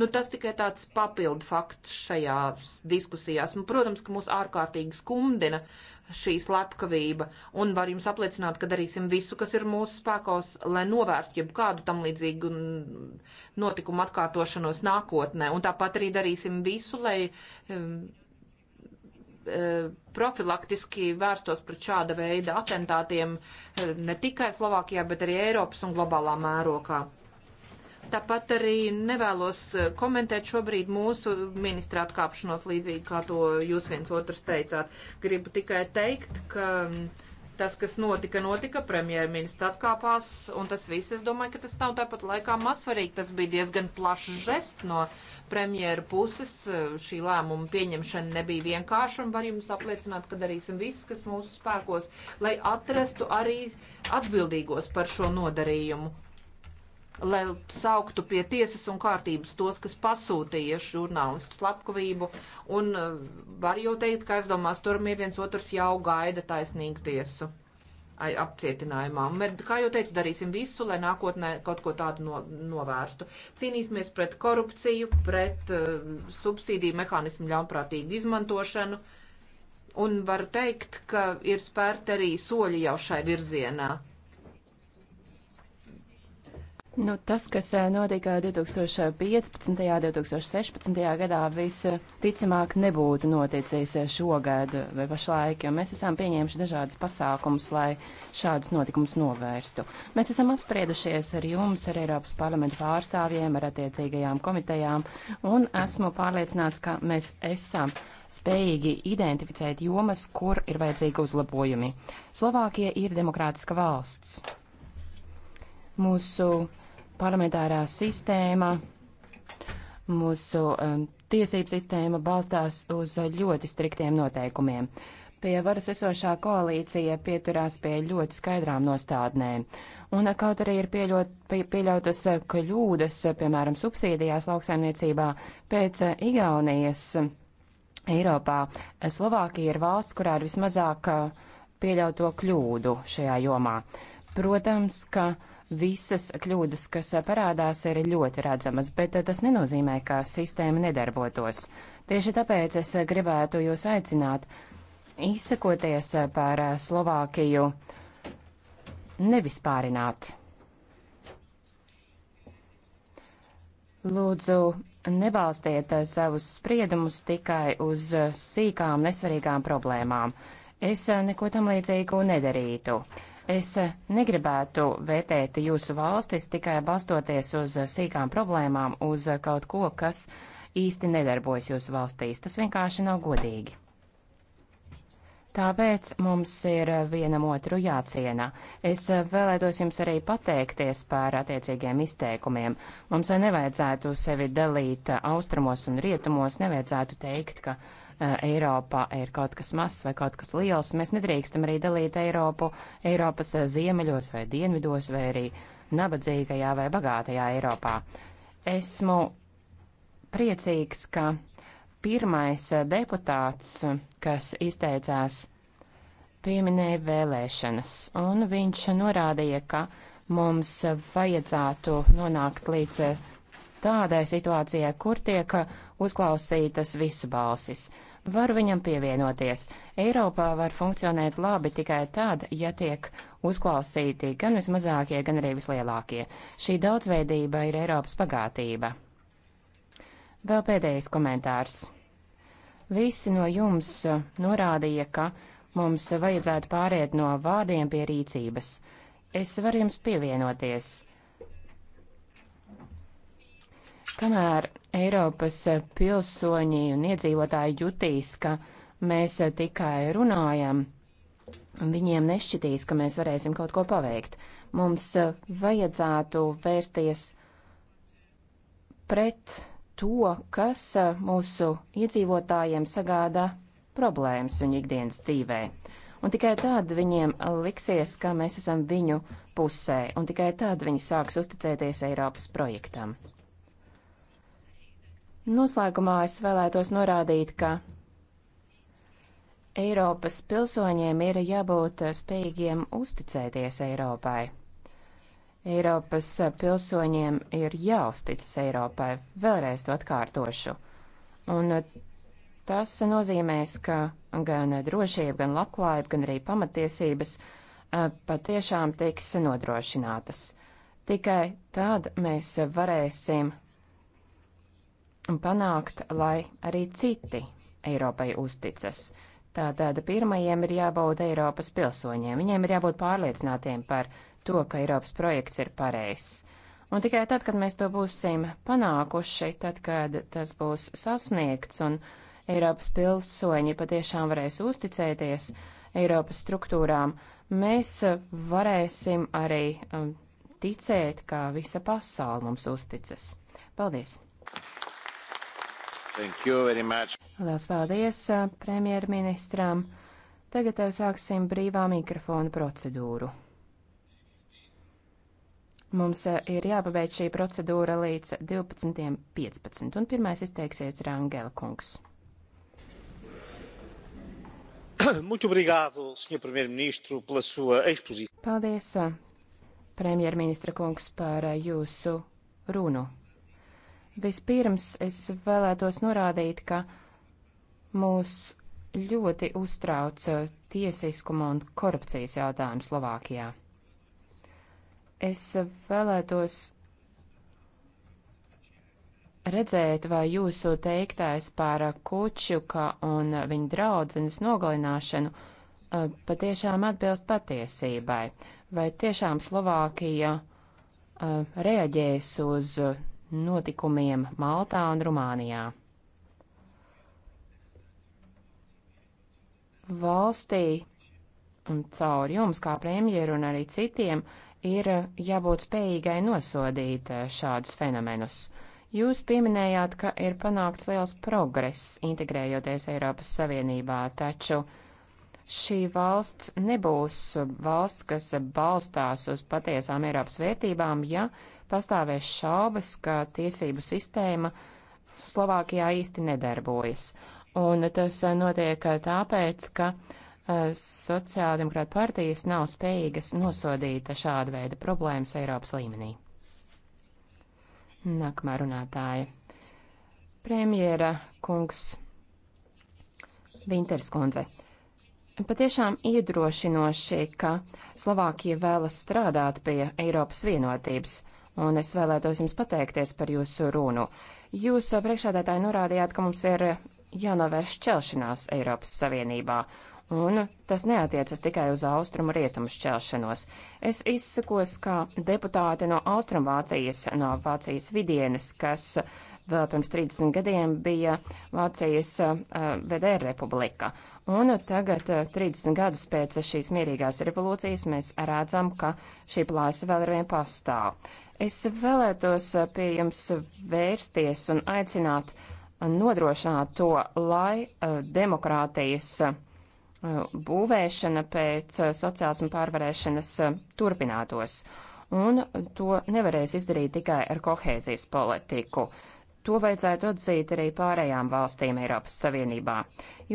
Nu, tas tikai tāds papildu fakts šajās diskusijās. Un, protams, ka mūs ārkārtīgi skumdina šī slepkavība, un var jums apliecināt, ka darīsim visu, kas ir mūsu spēkos, lai novērstu jebkādu tam līdzīgu notikumu atkārtošanos nākotnē. Un tāpat arī darīsim visu, lai um, uh, profilaktiski vērstos pret šāda veida atentātiem uh, ne tikai Slovākijā, bet arī Eiropas un globālā mērokā. Tāpat arī nevēlos eh, komentēt šobrīd mūsu ministra atkāpšanos līdzīgi, kā to jūs viens otrs teicāt. Gribu tikai teikt, ka mm, tas, kas notika, notika, premjerministrs atkāpās, un tas viss, es domāju, ka tas nav tāpat laikā mazsvarīgi. Tas bija diezgan plašs žests no premjera puses. Eh, šī lēmuma pieņemšana nebija vienkārša, un var jums apliecināt, ka darīsim visu, kas mūsu spēkos, lai atrastu arī atbildīgos par šo nodarījumu lai sauktu pie tiesas un kārtības tos, kas pasūtīja žurnālistu slepkavību. Un eh, var jau teikt, ka aizdomās turamie viens otrs jau gaida taisnīgu tiesu apcietinājumā. Bet, kā jau teicu, darīsim visu, lai nākotnē kaut ko tādu no, novērstu. Cīnīsimies pret korupciju, pret uh, subsīdiju mehānismu ļaunprātīgu izmantošanu. Un var teikt, ka ir spērti arī soļi jau šai virzienā. Nu, tas, kas eh, notika 2015. un 2016. gadā, visticamāk nebūtu noticis eh, šogad vai pašlaik, jo mēs esam pieņēmuši dažādas pasākumus, lai šādus notikumus novērstu. Mēs esam apspriedušies ar jums, ar Eiropas parlamentu pārstāvjiem, ar attiecīgajām komitejām, un esmu pārliecināts, ka mēs esam spējīgi identificēt jomas, kur ir vajadzīgi uzlabojumi. Slovākija ir demokrātiska valsts. Mūsu parlamentārā sistēma, mūsu um, tiesību sistēma balstās uz ļoti striktiem noteikumiem. Pie varas esošā koalīcija pieturās pie ļoti skaidrām nostādnēm. Un uh, kaut arī ir pieļaut, pie, pieļautas uh, kļūdas, uh, piemēram, subsīdijās lauksaimniecībā, pēc Igaunijas Eiropā Slovākija ir valsts, kurā ir vismazāk pieļauto kļūdu šajā jomā. Protams, ka uh, visas kļūdas, kas parādās, ir ļoti redzamas, bet tas nenozīmē, ka sistēma nedarbotos. Tieši tāpēc es gribētu jūs aicināt izsakoties par Slovākiju nevispārināt. Lūdzu, nebalstiet savus spriedumus tikai uz sīkām, nesvarīgām problēmām. Es neko tam līdzīgu nedarītu. Uh, Es eh, negribētu vērtēt jūsu valstis tikai balstoties uz eh, sīkām problēmām, uz eh, kaut ko, kas īsti nedarbojas jūsu valstīs. Tas vienkārši nav godīgi. Tāpēc mums ir vienam otru jāciena. Es vēlētos jums arī pateikties par attiecīgiem izteikumiem. Mums nevajadzētu sevi dalīt austrumos un rietumos, nevajadzētu teikt, ka uh, Eiropā ir kaut kas mazs vai kaut kas liels. Mēs nedrīkstam arī dalīt Eiropu Eiropas ziemeļos vai dienvidos vai arī nabadzīgajā vai bagātajā Eiropā. Esmu priecīgs, ka pirmais deputāts, kas izteicās, pieminēja vēlēšanas, un viņš norādīja, ka mums vajadzētu nonākt līdz tādai situācijai, kur tiek uzklausītas visu balsis. Varu viņam pievienoties. Eiropā var funkcionēt labi tikai tad, ja tiek uzklausīti gan vismazākie, gan arī vislielākie. Šī daudzveidība ir Eiropas pagātība. Vēl pēdējais komentārs. Visi no jums uh, norādīja, ka mums vajadzētu pāriet no vārdiem pie rīcības. Es varu jums pievienoties. Kamēr Eiropas pilsoņi un iedzīvotāji jutīs, ka mēs tikai runājam. Viņiem nešķitīs, ka mēs varēsim kaut ko paveikt. Mums vajadzētu vērsties pret to, kas mūsu iedzīvotājiem sagādā problēmas viņu ikdienas dzīvē. Un tikai tad viņiem liksies, ka mēs esam viņu pusē, un tikai tad viņi sāks uzticēties Eiropas projektam. Noslēgumā es vēlētos norādīt, ka Eiropas pilsoņiem ir jābūt spējīgiem uzticēties Eiropai. Eiropas pilsoņiem ir jāuzticas Eiropai, vēlreiz to atkārtošu. Un tas nozīmēs, ka gan drošība, gan labklājība, gan arī pamatiesības patiešām tiks nodrošinātas. Tikai tad mēs varēsim un panākt, lai arī citi Eiropai uzticas. Tātad pirmajiem ir jābūt Eiropas pilsoņiem, viņiem ir jābūt pārliecinātiem par to, ka Eiropas projekts ir pareizs. Un tikai tad, kad mēs to būsim panākuši, tad, kad tas būs sasniegts un Eiropas pilsoņi patiešām varēs uzticēties Eiropas struktūrām, mēs varēsim arī um, ticēt, ka visa pasaule mums uzticas. Paldies! Lielas paldies premjerministram. Tagad sāksim brīvā mikrofona procedūru. Mums ir jāpabeidz šī procedūra līdz 12.15, un pirmais izteiksies Rangela kungs. Muito obrigado, Sr. Primeiro-Ministro, pela sua exposição. Paldies, premjerministra kungs, par jūsu runu. Vispirms es vēlētos norādīt, ka mūs ļoti uztrauc uh, tiesiskuma un korupcijas jautājums Slovākijā. Es vēlētos redzēt, vai jūsu teiktais par Kučuka un viņa draudzenes nogalināšanu uh, patiešām atbilst patiesībai, vai tiešām Slovākija uh, reaģēs uz notikumiem Maltā un Rumānijā. Valstī un caur jums, kā premjeru un arī citiem, ir jābūt spējīgai nosodīt šādus fenomenus. Jūs pieminējāt, ka ir panākts liels progress integrējoties Eiropas Savienībā, taču šī valsts nebūs valsts, kas balstās uz patiesām Eiropas vērtībām, ja pastāvēs šaubas, ka tiesību sistēma Slovākijā īsti nedarbojas. Un tas eh, notiek eh, tāpēc, ka eh, sociāldemokrāta partijas nav spējīgas nosodīt šādu veidu problēmas Eiropas līmenī. Nākamā runātāja. Premjera kungs Vinters kundze. Patiešām iedrošinoši, ka Slovākija vēlas strādāt pie Eiropas vienotības un es vēlētos jums pateikties par jūsu runu. Jūs priekšādētāji norādījāt, ka mums ir jānovērš šķelšanās Eiropas Savienībā, Un tas neatiecas tikai uz austrumu rietumu šķelšanos. Es izsakos kā deputāte no Austrumvācijas, no Vācijas vidienes, kas vēl pirms 30 gadiem bija Vācijas VDR republika. Un tagad, 30 gadus pēc šīs mierīgās revolūcijas, mēs redzam, ka šī plāsa vēl ar vien pastāv. Es vēlētos pie jums vērsties un aicināt nodrošināt to, lai demokrātijas būvēšana pēc eh, sociālas un pārvarēšanas eh, turpinātos. Un to nevarēs izdarīt tikai ar kohēzijas politiku. To vajadzētu atzīt arī pārējām valstīm Eiropas Savienībā.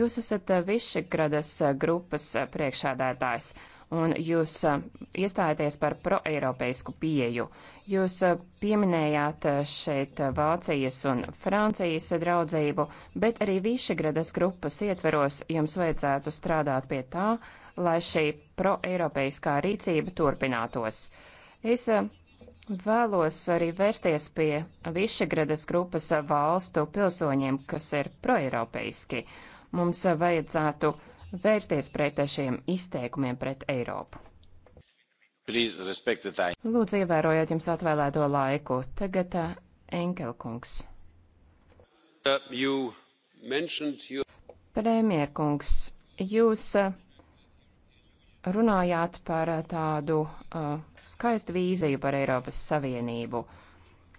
Jūs esat eh, Višegradas grupas priekšādētājs un jūs iestājāties par proeiropeisku pieju. Jūs pieminējāt šeit Vācijas un Francijas draudzību, bet arī Višegradas grupas ietveros jums vajadzētu strādāt pie tā, lai šī proeiropeiskā rīcība turpinātos. Es Vēlos arī vērsties pie Višegradas grupas valstu pilsoņiem, kas ir proeiropeiski. Mums vajadzētu vērsties pret šiem izteikumiem pret Eiropu. Lūdzu, ievērojiet jums atvēlēto laiku. Tagad uh, Enkelkungs. Uh, you you... Premjerkungs, jūs uh, runājāt par uh, tādu uh, skaistu vīziju par Eiropas Savienību.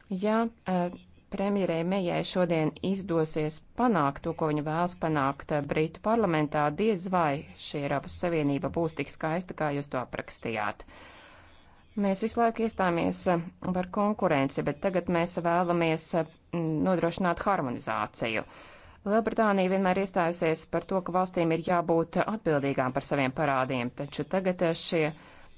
Ja uh, premjerei Mejai šodien izdosies panākt to, ko viņa vēlas panākt eh, Britu parlamentā, diez vai šī Eiropas Savienība būs tik skaista, kā jūs to aprakstījāt. Mēs visu laiku iestāmies eh, par konkurenci, bet tagad mēs vēlamies eh, nodrošināt harmonizāciju. Lielbritānija vienmēr iestājusies par to, ka valstīm ir jābūt atbildīgām par saviem parādiem, taču tagad šie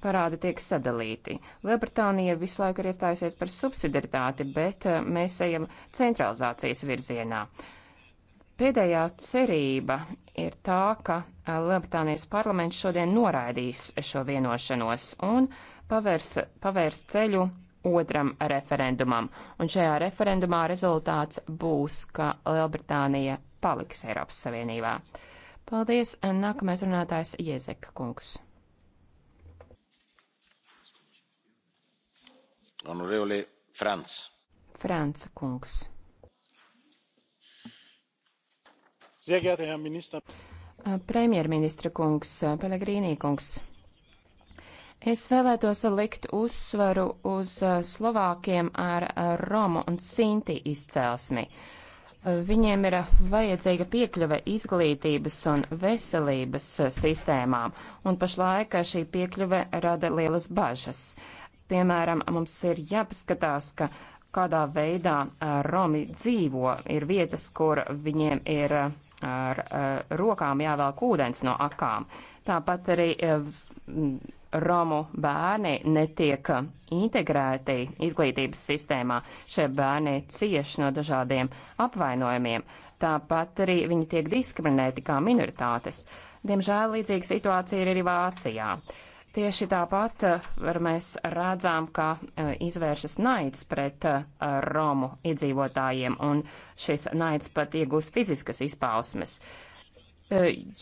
parādi tiek sadalīti. Lielbritānija visu laiku ir iestājusies par subsidiaritāti, bet eh, mēs ejam centralizācijas virzienā. Pēdējā cerība ir tā, ka eh, Lielbritānijas parlaments šodien noraidīs šo vienošanos un pavērs, pavērs ceļu otram referendumam. Un šajā referendumā rezultāts būs, ka Lielbritānija paliks Eiropas Savienībā. Paldies! Nākamais runātājs Jezeka kungs. Honorevole Franc. Franc kungs. Sehr geehrter Herr Minister. Äh, premjerministra kungs, äh, Pelegrīnī kungs. Es vēlētos likt uzsvaru uz äh, Slovākiem ar Romu un Sinti izcelsmi. Viņiem ir vajadzīga piekļuve izglītības un veselības sistēmām, un pašlaik šī piekļuve rada lielas bažas. Uh, Piemēram, mums ir jāpaskatās, ka kādā veidā Romi dzīvo. Ir vietas, kur viņiem ir ar rokām jāvelk ūdens no akām. Tāpat arī Romu bērni netiek integrēti izglītības sistēmā. Šie bērni cieši no dažādiem apvainojumiem. Tāpat arī viņi tiek diskriminēti kā minoritātes. Diemžēl līdzīga situācija ir arī Vācijā. Uh, Tieši tāpat eh, mēs redzam, ka eh, izvēršas naids pret eh, Romu iedzīvotājiem, un šis naids pat iegūst fiziskas izpausmes.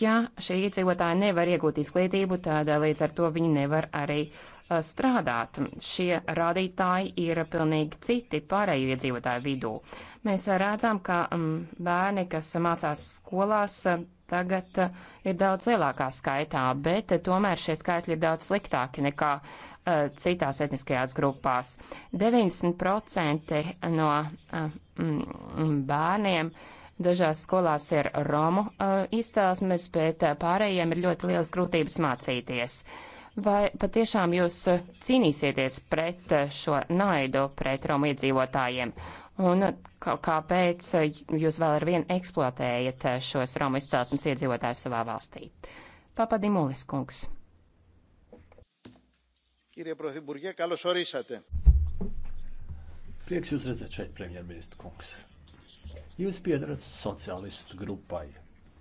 Ja šie iedzīvotāji nevar iegūt izglītību, tad līdz ar to viņi nevar arī uh, Eh, strādāt. Šie rādītāji ir pilnīgi citi pārējo iedzīvotāju vidū. Mēs redzam, ka mm, bērni, kas mācās skolās, tagad eh, ir daudz lielākā skaitā, bet tomēr šie skaitļi ir daudz sliktāki nekā eh, citās etniskajās grupās. 90% no mm, bērniem dažās skolās ir Romu izcelsmes, bet pārējiem ir ļoti liels grūtības mācīties. Uh, Vai patiešām jūs eh, cīnīsieties pret eh, šo naidu pret Romu iedzīvotājiem? Un eh, kāpēc jūs vēl ar vienu eksploatējat šos Romu izcelsmes iedzīvotājus savā valstī? Papadimulis kungs. Prieks jūs redzēt šeit, premjerministra kungs. Jūs piedarat sociālistu grupai.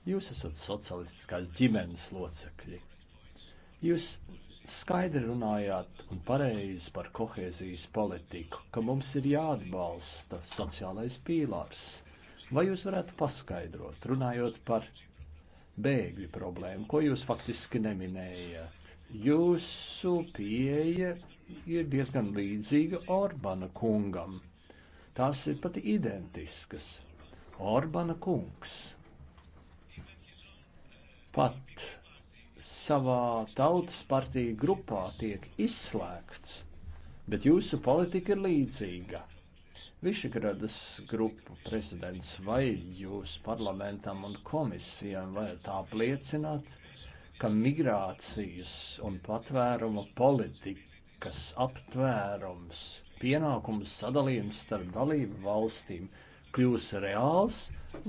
Jūs esat socialistiskās ģimenes locekļi. Jūs skaidri runājāt un pareizi par kohēzijas politiku, ka mums ir jāatbalsta sociālais pīlārs. Vai jūs varētu paskaidrot, runājot par bēgļu problēmu, ko jūs faktiski neminējat? Jūsu pieeja ir diezgan līdzīga Orbāna kungam. Tās ir pat identiskas. Orbāna kungs pat savā tautas partiju grupā tiek izslēgts, bet jūsu politika ir līdzīga. Višegradas grupu prezidents vai jūs parlamentam un komisijām varat apliecināt, ka migrācijas un patvērumu politikas aptvērums, pienākumu sadalījums starp dalību valstīm kļūs reāls,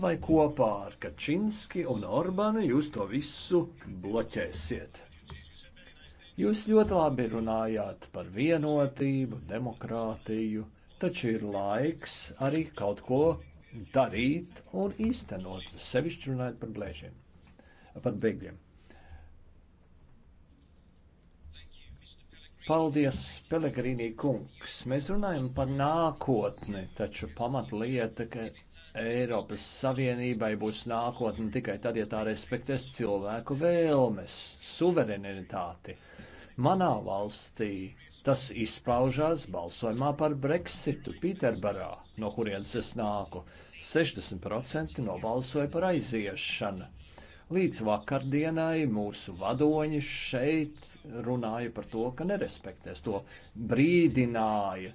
vai kopā ar Kačinski un Orbanu jūs to visu bloķēsiet? Jūs ļoti labi runājāt par vienotību, demokrātiju, taču ir laiks arī kaut ko darīt un īstenot, sevišķi runājot par blēžiem, par bēgļiem. Paldies, Pelegrīnī kungs. Mēs runājam par nākotni, taču pamatlieta, ka Eiropas Savienībai būs nākotne tikai tad, ja tā respektēs cilvēku vēlmes, suverenitāti. Manā valstī tas izpaužās balsojumā par Brexitu Pīterbarā, no kurienes es nāku. 60% nobalsoja par aiziešanu. Līdz vakardienai mūsu vadoņi šeit runāja par to, ka nerespektēs to, brīdināja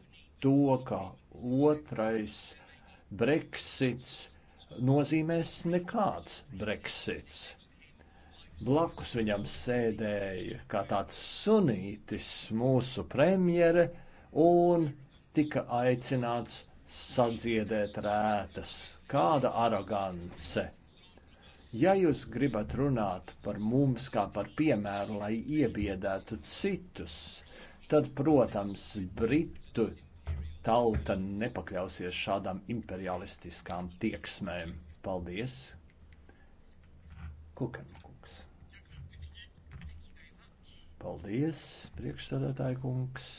to, ka otrais Brexits nozīmēs nekāds Brexits. Blakus viņam sēdēja kā tāds sunītis mūsu premjere un tika aicināts sadziedēt rētas. Kāda arogance! Ja jūs gribat runāt par mums kā par piemēru, lai iebiedētu citus, tad, protams, Britu tauta nepakļausies šādām imperialistiskām tieksmēm. Paldies! Kukankungs. Paldies, priekšstādātāja kungs.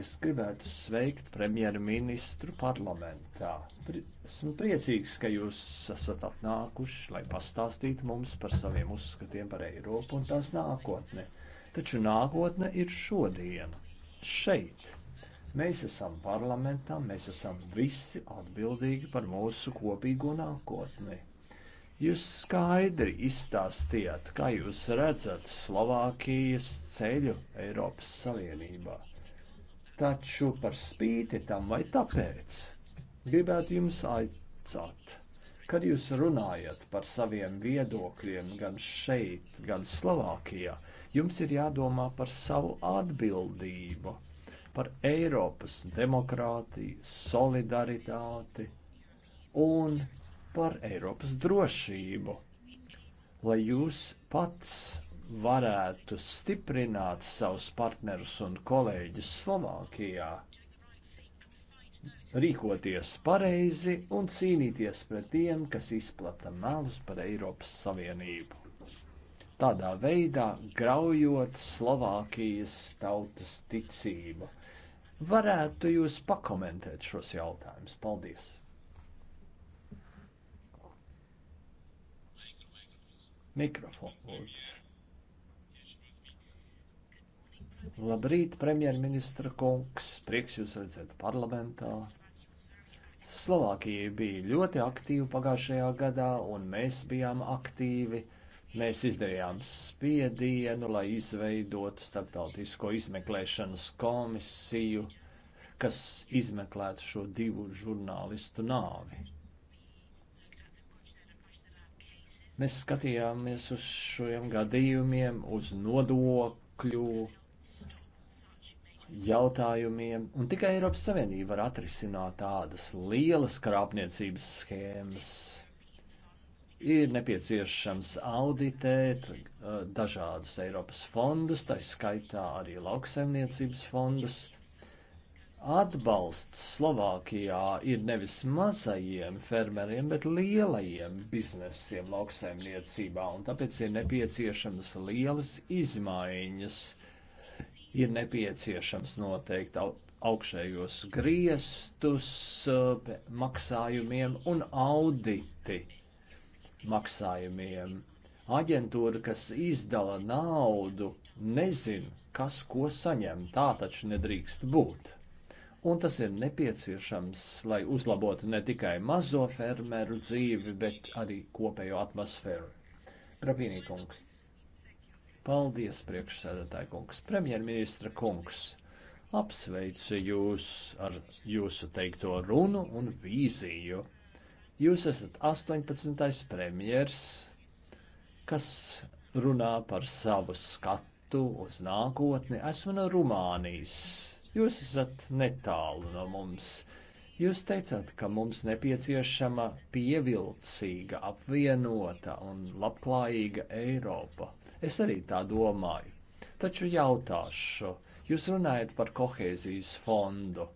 Es gribētu sveikt premjerministru parlamentā. Esmu priecīgs, ka jūs esat atnākuši, lai pastāstītu mums par saviem uzskatiem par Eiropu un tās nākotni. Taču nākotne ir šodien, šeit. Mēs esam parlamentā, mēs esam visi atbildīgi par mūsu kopīgo nākotni. Jūs skaidri izstāstījāt, kā jūs redzat Slovākijas ceļu Eiropas Savienībā Taču par spīti tam vai tāpēc gribētu jums aicāt, kad jūs runājat par saviem viedokļiem gan šeit, gan Slovākijā, jums ir jādomā par savu atbildību, par Eiropas demokrātiju, solidaritāti un par Eiropas drošību, lai jūs pats varētu stiprināt savus partnerus un kolēģus Slovākijā, rīkoties pareizi un cīnīties pret tiem, kas izplata melus par Eiropas Savienību. Tādā veidā graujot Slovākijas tautas ticību. Varētu jūs pakomentēt šos jautājumus? Paldies! Mikrofons. Labrīt, premjerministra kungs, prieks jūs redzēt parlamentā. Slovākija bija ļoti aktīva pagājušajā gadā, un mēs bijām aktīvi. Mēs izdarījām spiedienu, lai izveidotu starptautisko izmeklēšanas komisiju, kas izmeklētu šo divu žurnālistu nāvi. Mēs skatījāmies uz šiem gadījumiem, uz nodokļu jautājumiem, un tikai Eiropas Savienība var atrisināt tādas lielas krāpniecības schēmas. Ir nepieciešams auditēt uh, dažādus Eiropas fondus, tā skaitā arī lauksaimniecības fondus. Atbalsts Slovākijā ir nevis mazajiem fermeriem, bet lielajiem biznesiem lauksaimniecībā, un tāpēc ir nepieciešamas lielas izmaiņas ir nepieciešams noteikti augšējos griestus eh, maksājumiem un auditi maksājumiem. Aģentūra, kas izdala naudu, nezin, kas ko saņem. Tā taču nedrīkst būt. Un tas ir nepieciešams, lai uzlabotu ne tikai mazo fermeru dzīvi, bet arī kopējo atmosfēru. Grapīnī kungs. Paldies, priekšsēdētāji kungs, premjerministra kungs. Apsveicu jūs ar jūsu teikto runu un vīziju. Jūs esat 18. premjers, kas runā par savu skatu uz nākotni. Esmu no Rumānijas. Jūs esat netālu no mums. Jūs teicāt, ka mums nepieciešama pievilcīga, apvienota un labklājīga Eiropa. Es arī tā domāju. Taču jautāšu, jūs runājat par kohēzijas fondu.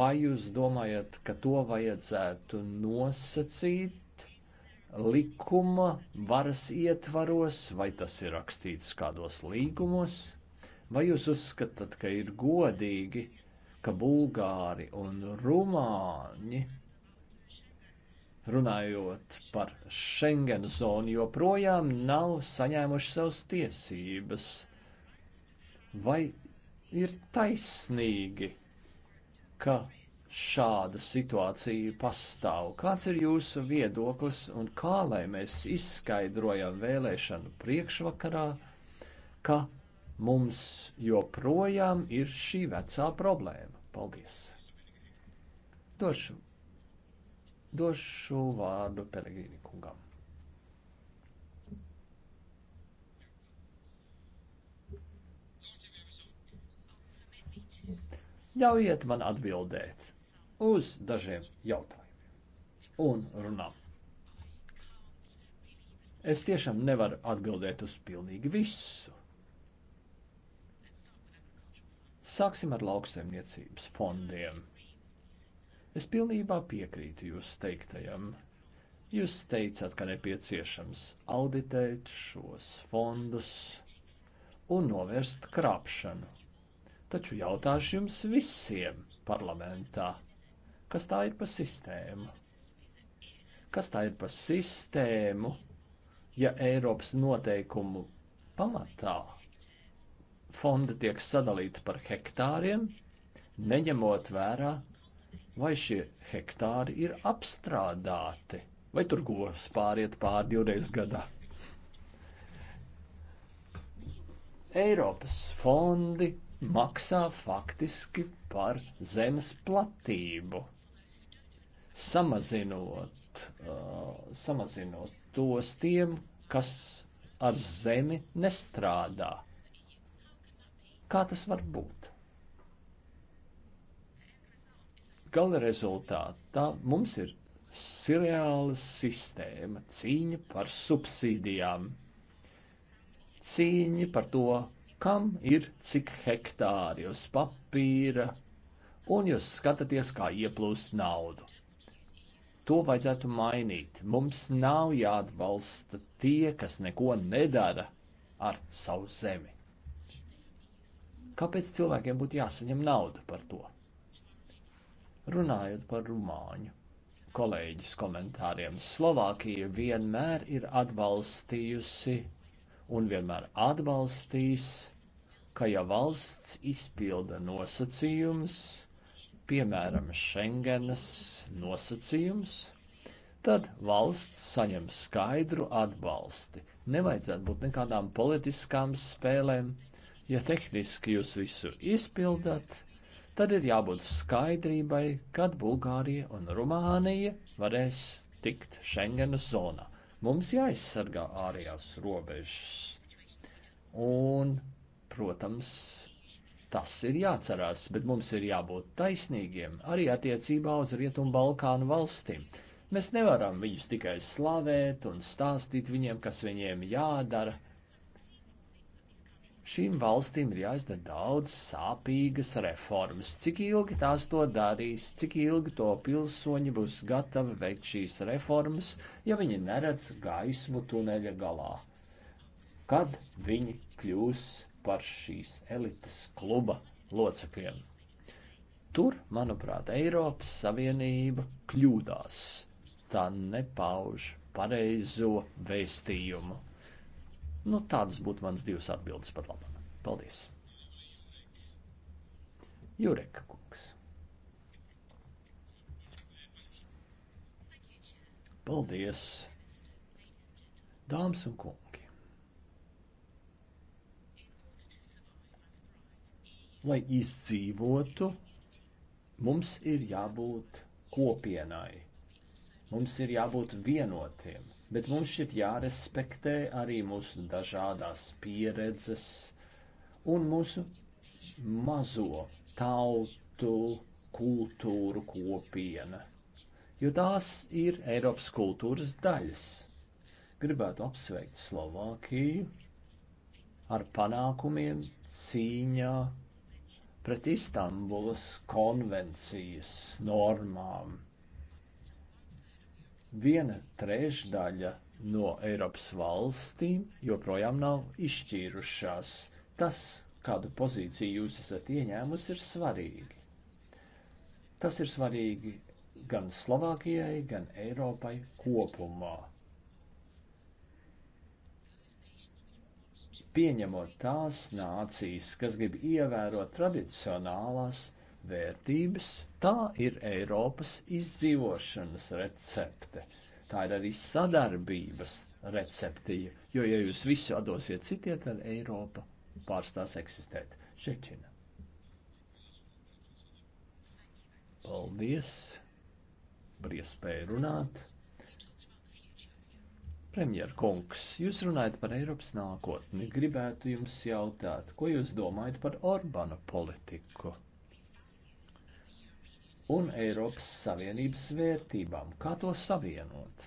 Vai jūs domājat, ka to vajadzētu nosacīt likuma varas ietvaros, vai tas ir rakstīts kādos līgumos? Vai jūs uzskatāt, ka ir godīgi ka bulgāri un rumāņi, runājot par Schengen zonu, joprojām nav saņēmuši savas tiesības. Vai ir taisnīgi, ka šāda situācija pastāv. Kāds ir jūsu viedoklis un kā lai mēs izskaidrojam vēlēšanu priekšvakarā, ka mums joprojām ir šī vecā problēma? Paldies! Došu, došu vārdu Pelegrīni kungam. Ļaujiet man atbildēt uz dažiem jautājumiem un runām. Es tiešām nevaru atbildēt uz pilnīgi visu. Sāksim ar lauksaimniecības fondiem. Es pilnībā piekrītu jūsu teiktajam. Jūs teicāt, ka nepieciešams auditēt šos fondus un novērst krāpšanu. Taču jautāšu jums visiem parlamentā, kas tā ir pa sistēmu? Kas tā ir pa sistēmu, ja Eiropas noteikumu pamatā fonda tiek sadalīta par hektāriem, neņemot vērā, vai šie hektāri ir apstrādāti, vai tur govs pāriet pār divreiz gadā. Eiropas fondi maksā faktiski par zemes platību, samazinot, uh, samazinot tos tiem, kas ar zemi nestrādā Kā tas var būt? Gala rezultātā mums ir seriāla sistēma, cīņa par subsīdijām, cīņa par to, kam ir cik hektāri uz papīra, un jūs skatāties, kā ieplūst naudu. To vajadzētu mainīt. Mums nav jāatbalsta tie, kas neko nedara ar savu zemi. Kāpēc cilvēkiem būtu jāsaņem nauda par to? Runājot par rumāņu kolēģis komentāriem, Slovākija vienmēr ir atbalstījusi un vienmēr atbalstīs, ka ja valsts izpilda nosacījumus, piemēram, Schengenas nosacījumus, tad valsts saņem skaidru atbalsti. Nevajadzētu būt nekādām politiskām spēlēm, Ja tehniski jūs visu izpildat, tad ir jābūt skaidrībai, kad Bulgārija un Rumānija varēs tikt Schengenas zonā. Mums jāizsargā ārējās robežas. Un, protams, tas ir jāatcerās, bet mums ir jābūt taisnīgiem arī attiecībā uz Rietumu Balkānu valstīm. Mēs nevaram viņus tikai slavēt un stāstīt viņiem, kas viņiem jādara Šīm valstīm ir jāizdara daudz sāpīgas reformas. Cik ilgi tās to darīs, cik ilgi to pilsoņi būs gatavi veikt šīs reformas, ja viņi neredz gaismu tuneļa galā? Kad viņi kļūs par šīs elites kluba locekļiem? Tur, manuprāt, Eiropas Savienība kļūdās. Tā nepauž pareizo vēstījumu. Nu, tādas būtu manas divas atbildes pat labam. Paldies! Jureka kungs. Paldies! Dāmas un kungi! Lai izdzīvotu, mums ir jābūt kopienai. Mums ir jābūt vienotiem bet mums šķiet jārespektē arī mūsu dažādās pieredzes un mūsu mazo tautu kultūru kopiena, jo tās ir Eiropas kultūras daļas. Gribētu apsveikt Slovākiju ar panākumiem cīņā pret Istanbulas konvencijas normām viena trešdaļa no Eiropas valstīm joprojām nav izšķīrušās. Tas, kādu pozīciju jūs esat ieņēmusi, ir svarīgi. Tas ir svarīgi gan Slovākijai, gan Eiropai kopumā. Pieņemot tās nācijas, kas grib ievērot tradicionālās vērtības, tā ir Eiropas izdzīvošanas recepte. Tā ir arī sadarbības receptīja, jo, ja jūs visu atdosiet citiem, tad Eiropa pārstās eksistēt. Šečina. Paldies par iespēju runāt. Premjerkungs, jūs runājat par Eiropas nākotni. Gribētu jums jautāt, ko jūs domājat par Orbāna politiku? un Eiropas Savienības vērtībām. Kā to savienot?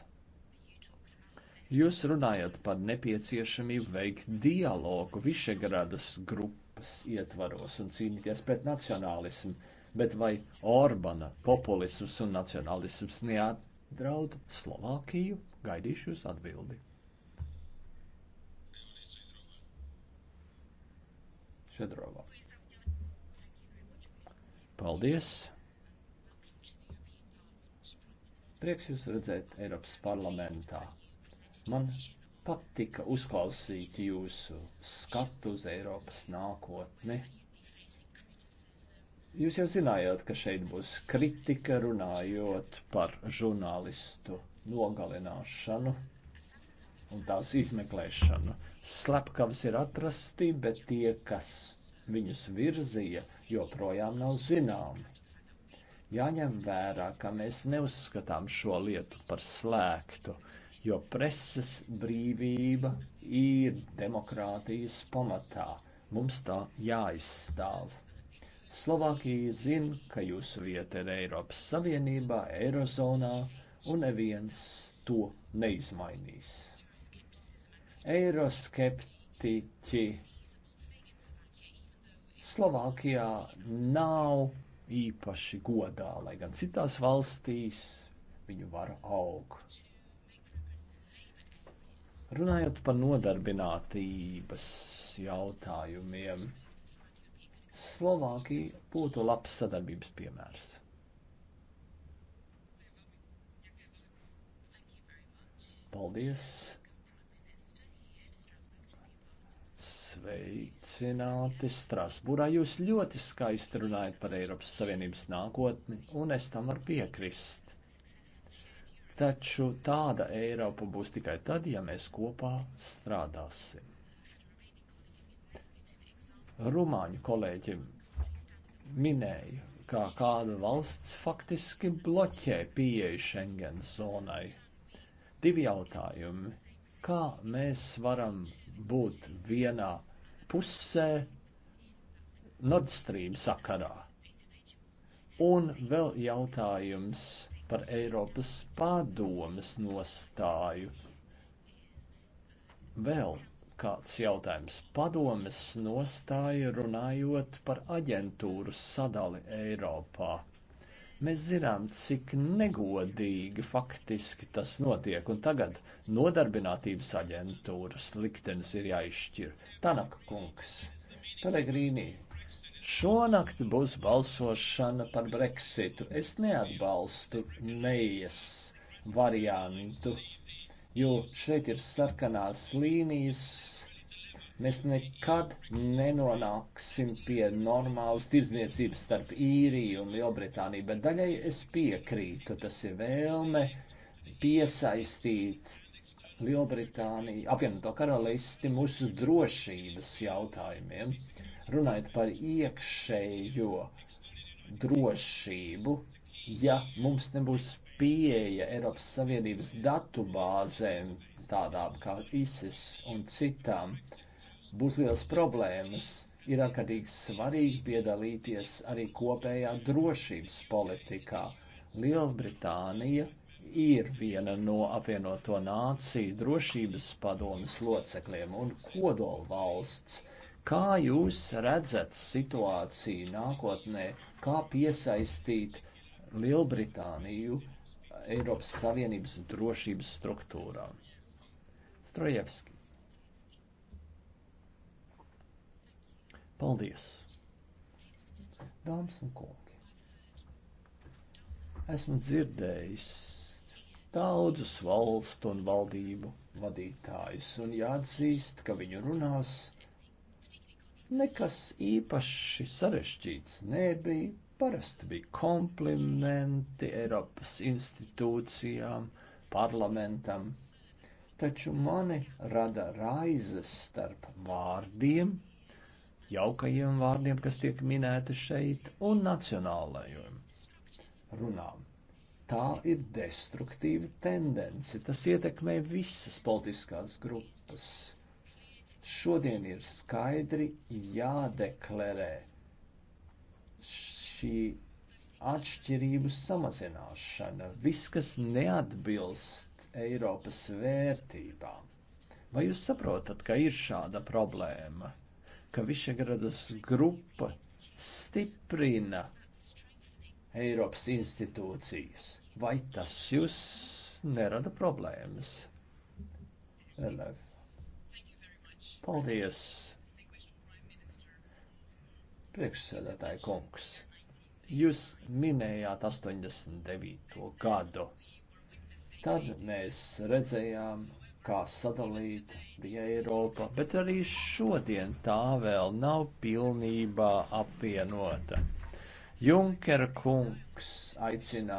Jūs runājat par nepieciešamību veikt dialogu Višegradas grupas ietvaros un cīnīties pret nacionālismu, bet vai Orbana populisms un nacionālisms neatdraud Slovākiju? Gaidīšu jūs atbildi. Šedrovā. Paldies! Prieks jūs redzēt Eiropas parlamentā. Man patika uzklausīt jūsu skatu uz Eiropas nākotni. Jūs jau zinājāt, ka šeit būs kritika runājot par žurnālistu nogalināšanu un tās izmeklēšanu. Slepkavas ir atrasti, bet tie, kas viņus virzīja, joprojām nav zināmi. Jāņem vērā, ka mēs neuzskatām šo lietu par slēgtu, jo preses brīvība ir demokrātijas pamatā. Mums tā jāizstāv. Slovākija zina, ka jūsu vieta ir Eiropas Savienībā, Eirozonā, un neviens to neizmainīs. Eiroskeptiķi Slovākijā nav īpaši godā, lai gan citās valstīs viņu vara aug. Runājot par nodarbinātības jautājumiem, Slovākija būtu labs sadarbības piemērs. Paldies! Sveicināti Strasbūrā. Jūs ļoti skaisti runājat par Eiropas Savienības nākotni, un es tam varu piekrist. Taču tāda Eiropa būs tikai tad, ja mēs kopā strādāsim. Rumāņu kolēģi minēja, kā kāda valsts faktiski bloķē pieeju Schengen zonai. Divi jautājumi. Kā mēs varam būt vienā pusē Nord Stream sakarā. Un vēl jautājums par Eiropas padomas nostāju. Vēl kāds jautājums. Padomes nostāja runājot par aģentūru sadali Eiropā. Mēs zinām, cik negodīgi faktiski tas notiek, un tagad nodarbinātības aģentūras liktenis ir jāizšķir. Tanaka kungs, Pelegrīnī, šonakt būs balsošana par Brexitu. Es neatbalstu nejas variantu, jo šeit ir sarkanās līnijas Mēs nekad nenonāksim pie normālas tirdzniecības starp īriju un Lielbritāniju, bet daļai es piekrītu, tas ir vēlme piesaistīt Lielbritāniju, apvienoto karalisti mūsu drošības jautājumiem. Runājot par iekšējo drošību, ja mums nebūs pieeja Eiropas Savienības datubāzēm, tādām kā ISIS un citām, būs liels problēmas. Ir ārkārtīgi svarīgi piedalīties arī kopējā drošības politikā. Lielbritānija ir viena no apvienoto nāciju drošības padomas locekļiem un kodolvalsts. Kā jūs redzat situāciju nākotnē, kā piesaistīt Lielbritāniju Eiropas Savienības drošības struktūrām? Strojevski. Paldies! Dāmas un kungi, esmu dzirdējis daudzus valstu un valdību vadītājus, un jāatzīst, ka viņu runās nekas īpaši sarežģīts nebija. Parasti bija komplimenti Eiropas institūcijām, parlamentam, taču mani rada raizes starp vārdiem jaukajiem vārdiem, kas tiek minēti šeit, un nacionālajiem runām. Tā ir destruktīva tendence. Tas ietekmē visas politiskās grupas. Šodien ir skaidri jādeklarē šī atšķirību samazināšana, viss, kas neatbilst Eiropas vērtībām. Vai jūs saprotat, ka ir šāda problēma? ka Višegradas grupa stiprina Eiropas institūcijas. Vai tas jūs nerada problēmas? Paldies! Priekšsēdētāji kungs, jūs minējāt 89. gadu. Tad mēs redzējām kā sadalīta bija Eiropa, bet arī šodien tā vēl nav pilnībā apvienota. Junkera kungs aicināja